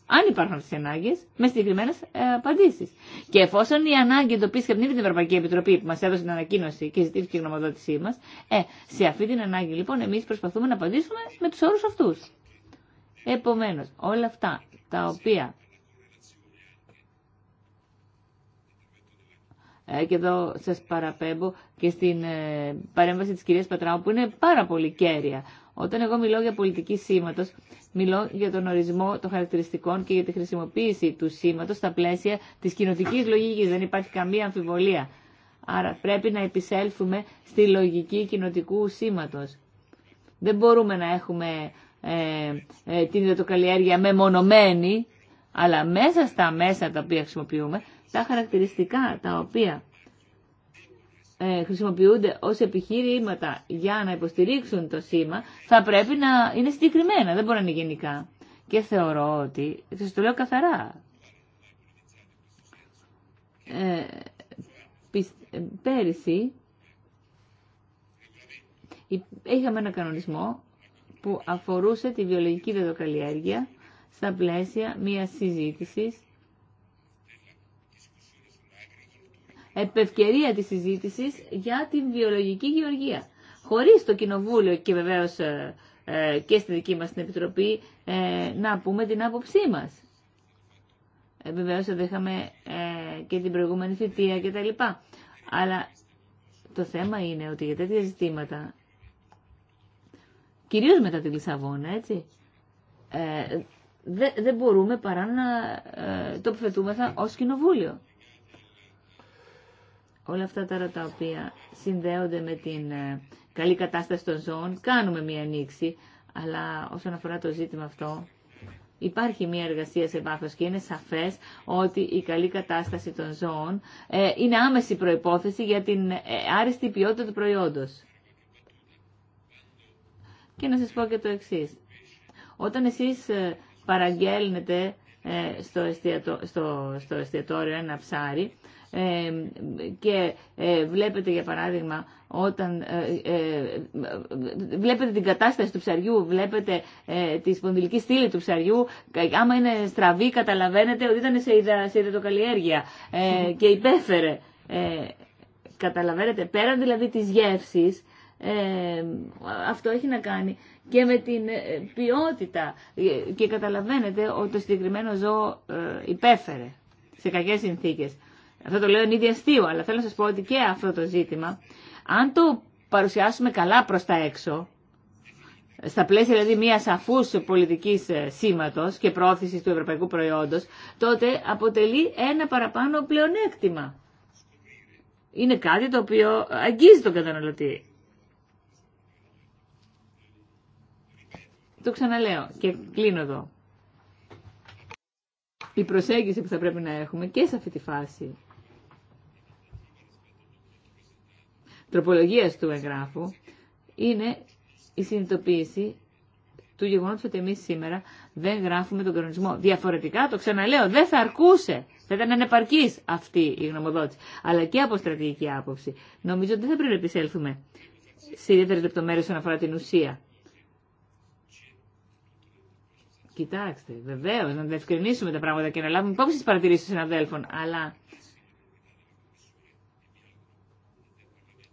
αν υπάρχουν αυτέ οι ανάγκε, με συγκεκριμένε ε, απαντήσει. Και εφόσον η ανάγκη εντοπίστηκε από την Ευρωπαϊκή Επιτροπή που μα έδωσε την ανακοίνωση και ζητήθηκε η γνωμοδότησή μα, ε, σε αυτή την ανάγκη λοιπόν εμεί προσπαθούμε να απαντήσουμε με του όρου αυτού. Επομένω, όλα αυτά τα οποία Ε, και εδώ σας παραπέμπω και στην ε, παρέμβαση της κυρίας Πατράου που είναι πάρα πολύ κέρια. Όταν εγώ μιλώ για πολιτική σήματο, μιλώ για τον ορισμό των χαρακτηριστικών και για τη χρησιμοποίηση του σήματο στα πλαίσια τη κοινοτική λογική. Δεν υπάρχει καμία αμφιβολία. Άρα πρέπει να επισέλθουμε στη λογική κοινοτικού σήματο. Δεν μπορούμε να έχουμε ε, την ιδιωτοκαλλιέργεια μεμονωμένη, αλλά μέσα στα μέσα τα οποία χρησιμοποιούμε τα χαρακτηριστικά τα οποία ε, χρησιμοποιούνται ως επιχείρηματα για να υποστηρίξουν το σήμα θα πρέπει να είναι συγκεκριμένα, δεν μπορεί να είναι γενικά. Και θεωρώ ότι, σας το λέω καθαρά, ε, ε πέρυσι είχαμε ένα κανονισμό που αφορούσε τη βιολογική δεδοκαλλιέργεια στα πλαίσια μιας συζήτησης επευκαιρία της συζήτησης για την βιολογική γεωργία. Χωρίς το Κοινοβούλιο και βεβαίως ε, ε, και στη δική μας την Επιτροπή ε, να πούμε την άποψή μας. Ε, βεβαίως ε, και την προηγούμενη θητεία κτλ. Αλλά το θέμα είναι ότι για τέτοια ζητήματα, κυρίως μετά τη Λισαβόνα, έτσι, δεν δε μπορούμε παρά να ε, το ως κοινοβούλιο όλα αυτά τώρα τα οποία συνδέονται με την ε, καλή κατάσταση των ζώων, κάνουμε μία ανοίξη, αλλά όσον αφορά το ζήτημα αυτό, υπάρχει μία εργασία σε βάθος και είναι σαφές ότι η καλή κατάσταση των ζώων ε, είναι άμεση προϋπόθεση για την ε, άριστη ποιότητα του προϊόντος. Και να σας πω και το εξής. Όταν εσείς παραγγέλνετε στο, στο, στο εστιατόριο ένα ψάρι, και ε, βλέπετε για παράδειγμα όταν ε, ε, βλέπετε την κατάσταση του ψαριού, βλέπετε τη σπονδυλική στήλη του ψαριού, άμα είναι στραβή καταλαβαίνετε ότι ήταν σε, ιδα, σε και υπέφερε. καταλαβαίνετε, πέραν δηλαδή της γεύσης, αυτό έχει να κάνει και με την ποιότητα και καταλαβαίνετε ότι το συγκεκριμένο ζώο υπέφερε σε κακές συνθήκες. Αυτό το λέω εν αστείο, αλλά θέλω να σας πω ότι και αυτό το ζήτημα, αν το παρουσιάσουμε καλά προς τα έξω, στα πλαίσια δηλαδή μια σαφού πολιτική ε, σήματο και πρόθεση του ευρωπαϊκού προϊόντο, τότε αποτελεί ένα παραπάνω πλεονέκτημα. Είναι κάτι το οποίο αγγίζει τον καταναλωτή. Το ξαναλέω και κλείνω εδώ. Η προσέγγιση που θα πρέπει να έχουμε και σε αυτή τη φάση Τροπολογία του εγγράφου είναι η συνειδητοποίηση του γεγονότος ότι εμεί σήμερα δεν γράφουμε τον κανονισμό. Διαφορετικά, το ξαναλέω, δεν θα αρκούσε. Θα ήταν ανεπαρκή αυτή η γνωμοδότηση. Αλλά και από στρατηγική άποψη. Νομίζω ότι δεν θα πρέπει να επισέλθουμε σε ιδιαίτερε λεπτομέρειε όσον αφορά την ουσία. Κοιτάξτε, βεβαίω, να διευκρινίσουμε τα πράγματα και να λάβουμε υπόψη τι παρατηρήσει των συναδέλφων. Αλλά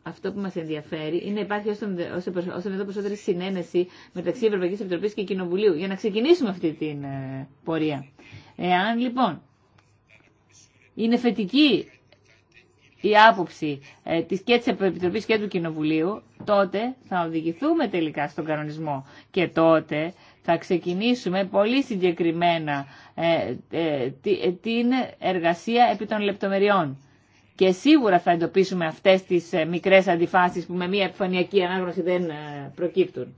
αυτό που μα ενδιαφέρει είναι να υπάρχει όσο εδώ περισσότερη συνένεση μεταξύ Ευρωπαϊκή Επιτροπή και Κοινοβουλίου για να ξεκινήσουμε αυτή την ε, πορεία. Εάν λοιπόν είναι θετική η άποψη ε, της και της Επιτροπής και του Κοινοβουλίου, τότε θα οδηγηθούμε τελικά στον κανονισμό και τότε θα ξεκινήσουμε πολύ συγκεκριμένα ε, την εργασία επί των λεπτομεριών και σίγουρα θα εντοπίσουμε αυτές τις ε, μικρές αντιφάσεις που με μια επιφανειακή ανάγνωση δεν ε, προκύπτουν.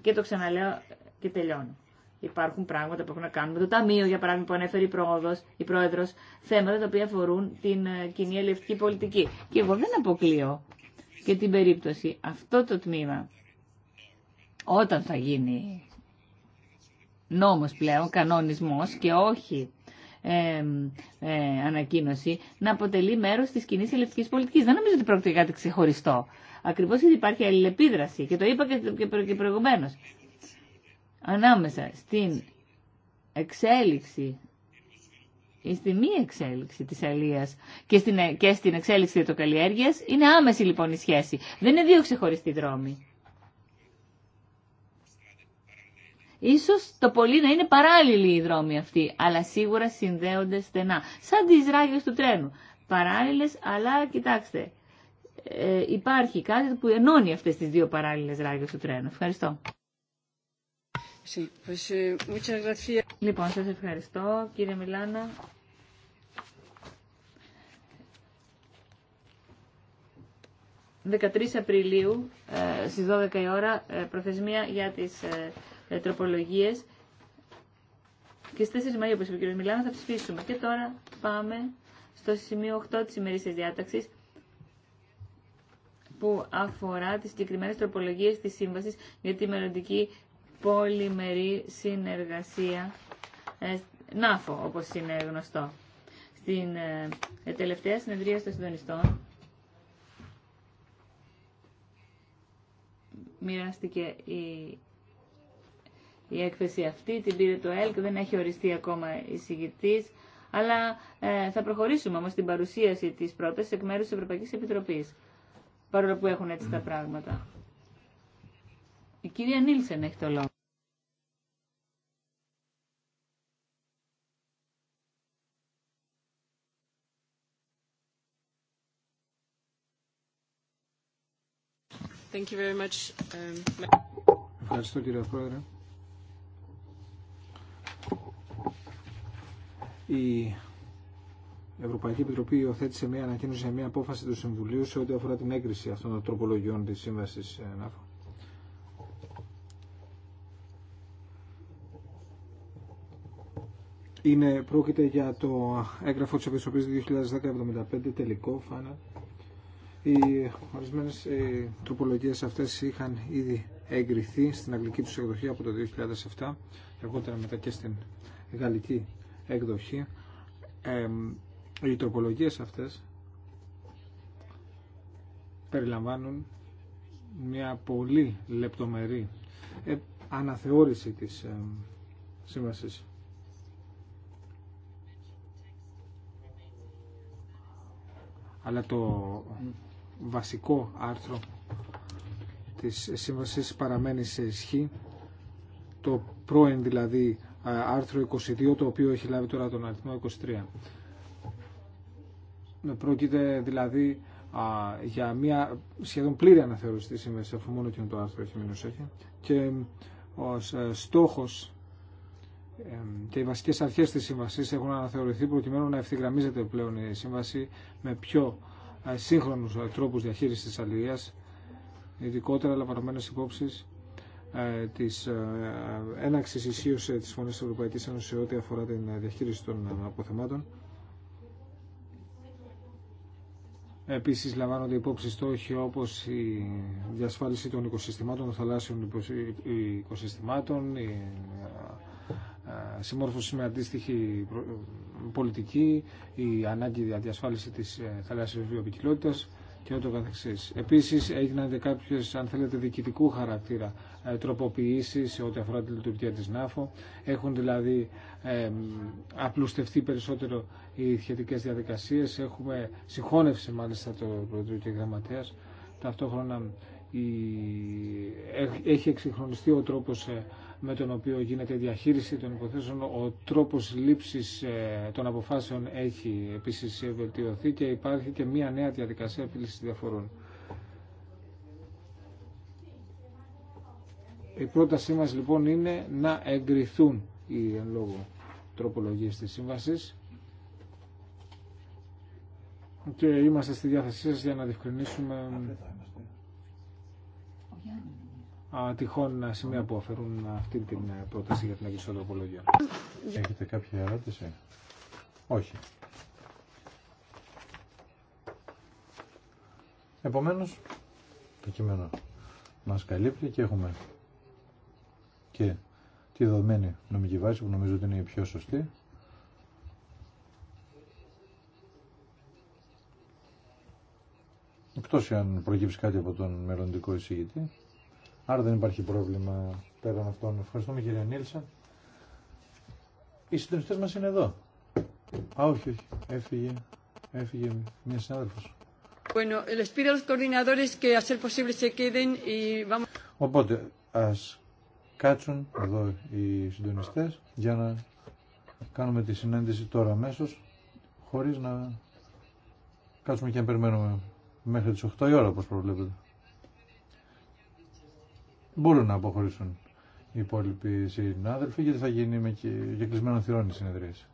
Και το ξαναλέω και τελειώνω. Υπάρχουν πράγματα που έχουν να κάνουν με το Ταμείο, για παράδειγμα, που ανέφερε η, Πρόεδρος Πρόεδρο, θέματα τα οποία αφορούν την ε, κοινή ελευθερική πολιτική. Και εγώ δεν αποκλείω και την περίπτωση αυτό το τμήμα, όταν θα γίνει νόμος πλέον, κανονισμός και όχι ε, ανακοίνωση να αποτελεί μέρος της κοινή ελευθερικής πολιτικής. Δεν νομίζω ότι πρόκειται για κάτι ξεχωριστό. Ακριβώς γιατί υπάρχει αλληλεπίδραση και το είπα και προηγουμένως. Ανάμεσα στην εξέλιξη ή στη μη εξέλιξη της αλίας και στην, ε, και στην εξέλιξη της είναι άμεση λοιπόν η σχέση. Δεν είναι δύο ξεχωριστοί δρόμοι. Ίσως το πολύ να είναι παράλληλοι οι δρόμοι αυτοί, αλλά σίγουρα συνδέονται στενά. Σαν τις ράγες του τρένου. Παράλληλες, αλλά κοιτάξτε, ε, υπάρχει κάτι που ενώνει αυτές τις δύο παράλληλες ράγες του τρένου. Ευχαριστώ. Eh, λοιπόν, σας ευχαριστώ κύριε Μιλάνα. «13 Απριλίου ε, στις 12 η ώρα ε, προθεσμία για τις ε, τροπολογίε. Και στι 4 Μαου, όπω είπε ο κ. Μιλάνο, θα ψηφίσουμε. Και τώρα πάμε στο σημείο 8 της ημερήσιας διάταξη που αφορά τι συγκεκριμένε τροπολογίες τη σύμβαση για τη μελλοντική πολυμερή συνεργασία ε, ΝΑΦΟ, όπω είναι γνωστό. Στην ε, τελευταία συνεδρία των συντονιστών μοιράστηκε η η έκθεση αυτή την πήρε το ΕΛΚ, δεν έχει οριστεί ακόμα εισηγητή, αλλά ε, θα προχωρήσουμε όμω την παρουσίαση τη πρόταση εκ μέρου τη Ευρωπαϊκή Επιτροπή. Παρόλο που έχουν έτσι τα πράγματα. Η κυρία Νίλσεν έχει το λόγο. Thank you very much. Um, Ευχαριστώ κύριε Πρόεδρε. η Ευρωπαϊκή Επιτροπή υιοθέτησε μια ανακοίνωση σε μια απόφαση του Συμβουλίου σε ό,τι αφορά την έγκριση αυτών των τροπολογιών της Σύμβασης ε, ΝΑΦΟ. Είναι, πρόκειται για το έγγραφο της Επιτροπής 2010-75 τελικό φάνα. Οι ορισμένες τροπολογίε τροπολογίες αυτές είχαν ήδη εγκριθεί στην αγγλική τους εκδοχή από το 2007 και αργότερα μετά και στην γαλλική έκδοχη, οι τροπολογίες αυτές περιλαμβάνουν μια πολύ λεπτομερή ε, αναθεώρηση της ε, σύμβασης. Αλλά το βασικό άρθρο της σύμβασης παραμένει σε ισχύ. Το πρώην δηλαδή ε, άρθρο 22 το οποίο έχει λάβει τώρα τον αριθμό 23. Ε, πρόκειται δηλαδή για μια σχεδόν πλήρη αναθεώρηση της σύμβασης αφού μόνο και το άρθρο έχει μείνει έχει και ο ε, στόχος και οι βασικές αρχές της σύμβασης έχουν αναθεωρηθεί προκειμένου να ευθυγραμμίζεται πλέον η σύμβαση με πιο σύγχρονους τρόπους διαχείρισης της αλληλείας ειδικότερα λαμβανωμένες υπόψεις ε, της ε, έναξης ισχύω ε, της φωνή τη Ευρωπαϊκής Ένωσης σε ό,τι αφορά την διαχείριση των αποθεμάτων. Επίσης λαμβάνονται υπόψη στόχοι όπως η διασφάλιση των οικοσυστημάτων, των θαλάσσιων οικοσυστημάτων, η συμμόρφωση με αντίστοιχη πολιτική, η ανάγκη διασφάλιση της θαλάσσιας βιοποικιλότητας και ούτω καθεξής. Επίσης έγιναν και κάποιες, αν θέλετε, διοικητικού χαρακτήρα ε, τροποποιήσεις σε ό,τι αφορά τη λειτουργία της ΝΑΦΟ. Έχουν δηλαδή ε, απλουστευτεί περισσότερο οι σχετικέ διαδικασίες. Έχουμε συγχώνευση μάλιστα το Προεδρείο και Γραμματέας. Ταυτόχρονα η... έχει εξυγχρονιστεί ο τρόπος ε, με τον οποίο γίνεται η διαχείριση των υποθέσεων. Ο τρόπος λήψης ε, των αποφάσεων έχει επίσης βελτιωθεί και υπάρχει και μια νέα διαδικασία επίλυσης διαφορών. Η πρότασή μας λοιπόν είναι να εγκριθούν οι εν λόγω τροπολογίες της σύμβασης και είμαστε στη διάθεσή σας για να διευκρινίσουμε τυχόν σημεία που αφαιρούν αυτή την ε, πρόταση για την αγγλική Έχετε κάποια ερώτηση? Όχι. Επομένως, το κείμενο μας καλύπτει και έχουμε και τη δεδομένη νομική βάση που νομίζω ότι είναι η πιο σωστή. Εκτός αν προκύψει κάτι από τον μελλοντικό εισηγητή. Άρα δεν υπάρχει πρόβλημα πέραν αυτών. Ευχαριστούμε κύριε Νίλσα. Οι συντονιστές μας είναι εδώ. Α, όχι, όχι. Έφυγε, έφυγε μια συνάδελφος. Bueno, les pido a los coordinadores que a posible se queden y vamos... Οπότε, ας κάτσουν εδώ οι συντονιστές για να κάνουμε τη συνέντευξη τώρα αμέσω, χωρίς να κάτσουμε και να περιμένουμε μέχρι τις 8 η ώρα όπως προβλέπετε μπορούν να αποχωρήσουν οι υπόλοιποι συνάδελφοι γιατί θα γίνει με κλεισμένο θυρών η συνεδρίαση.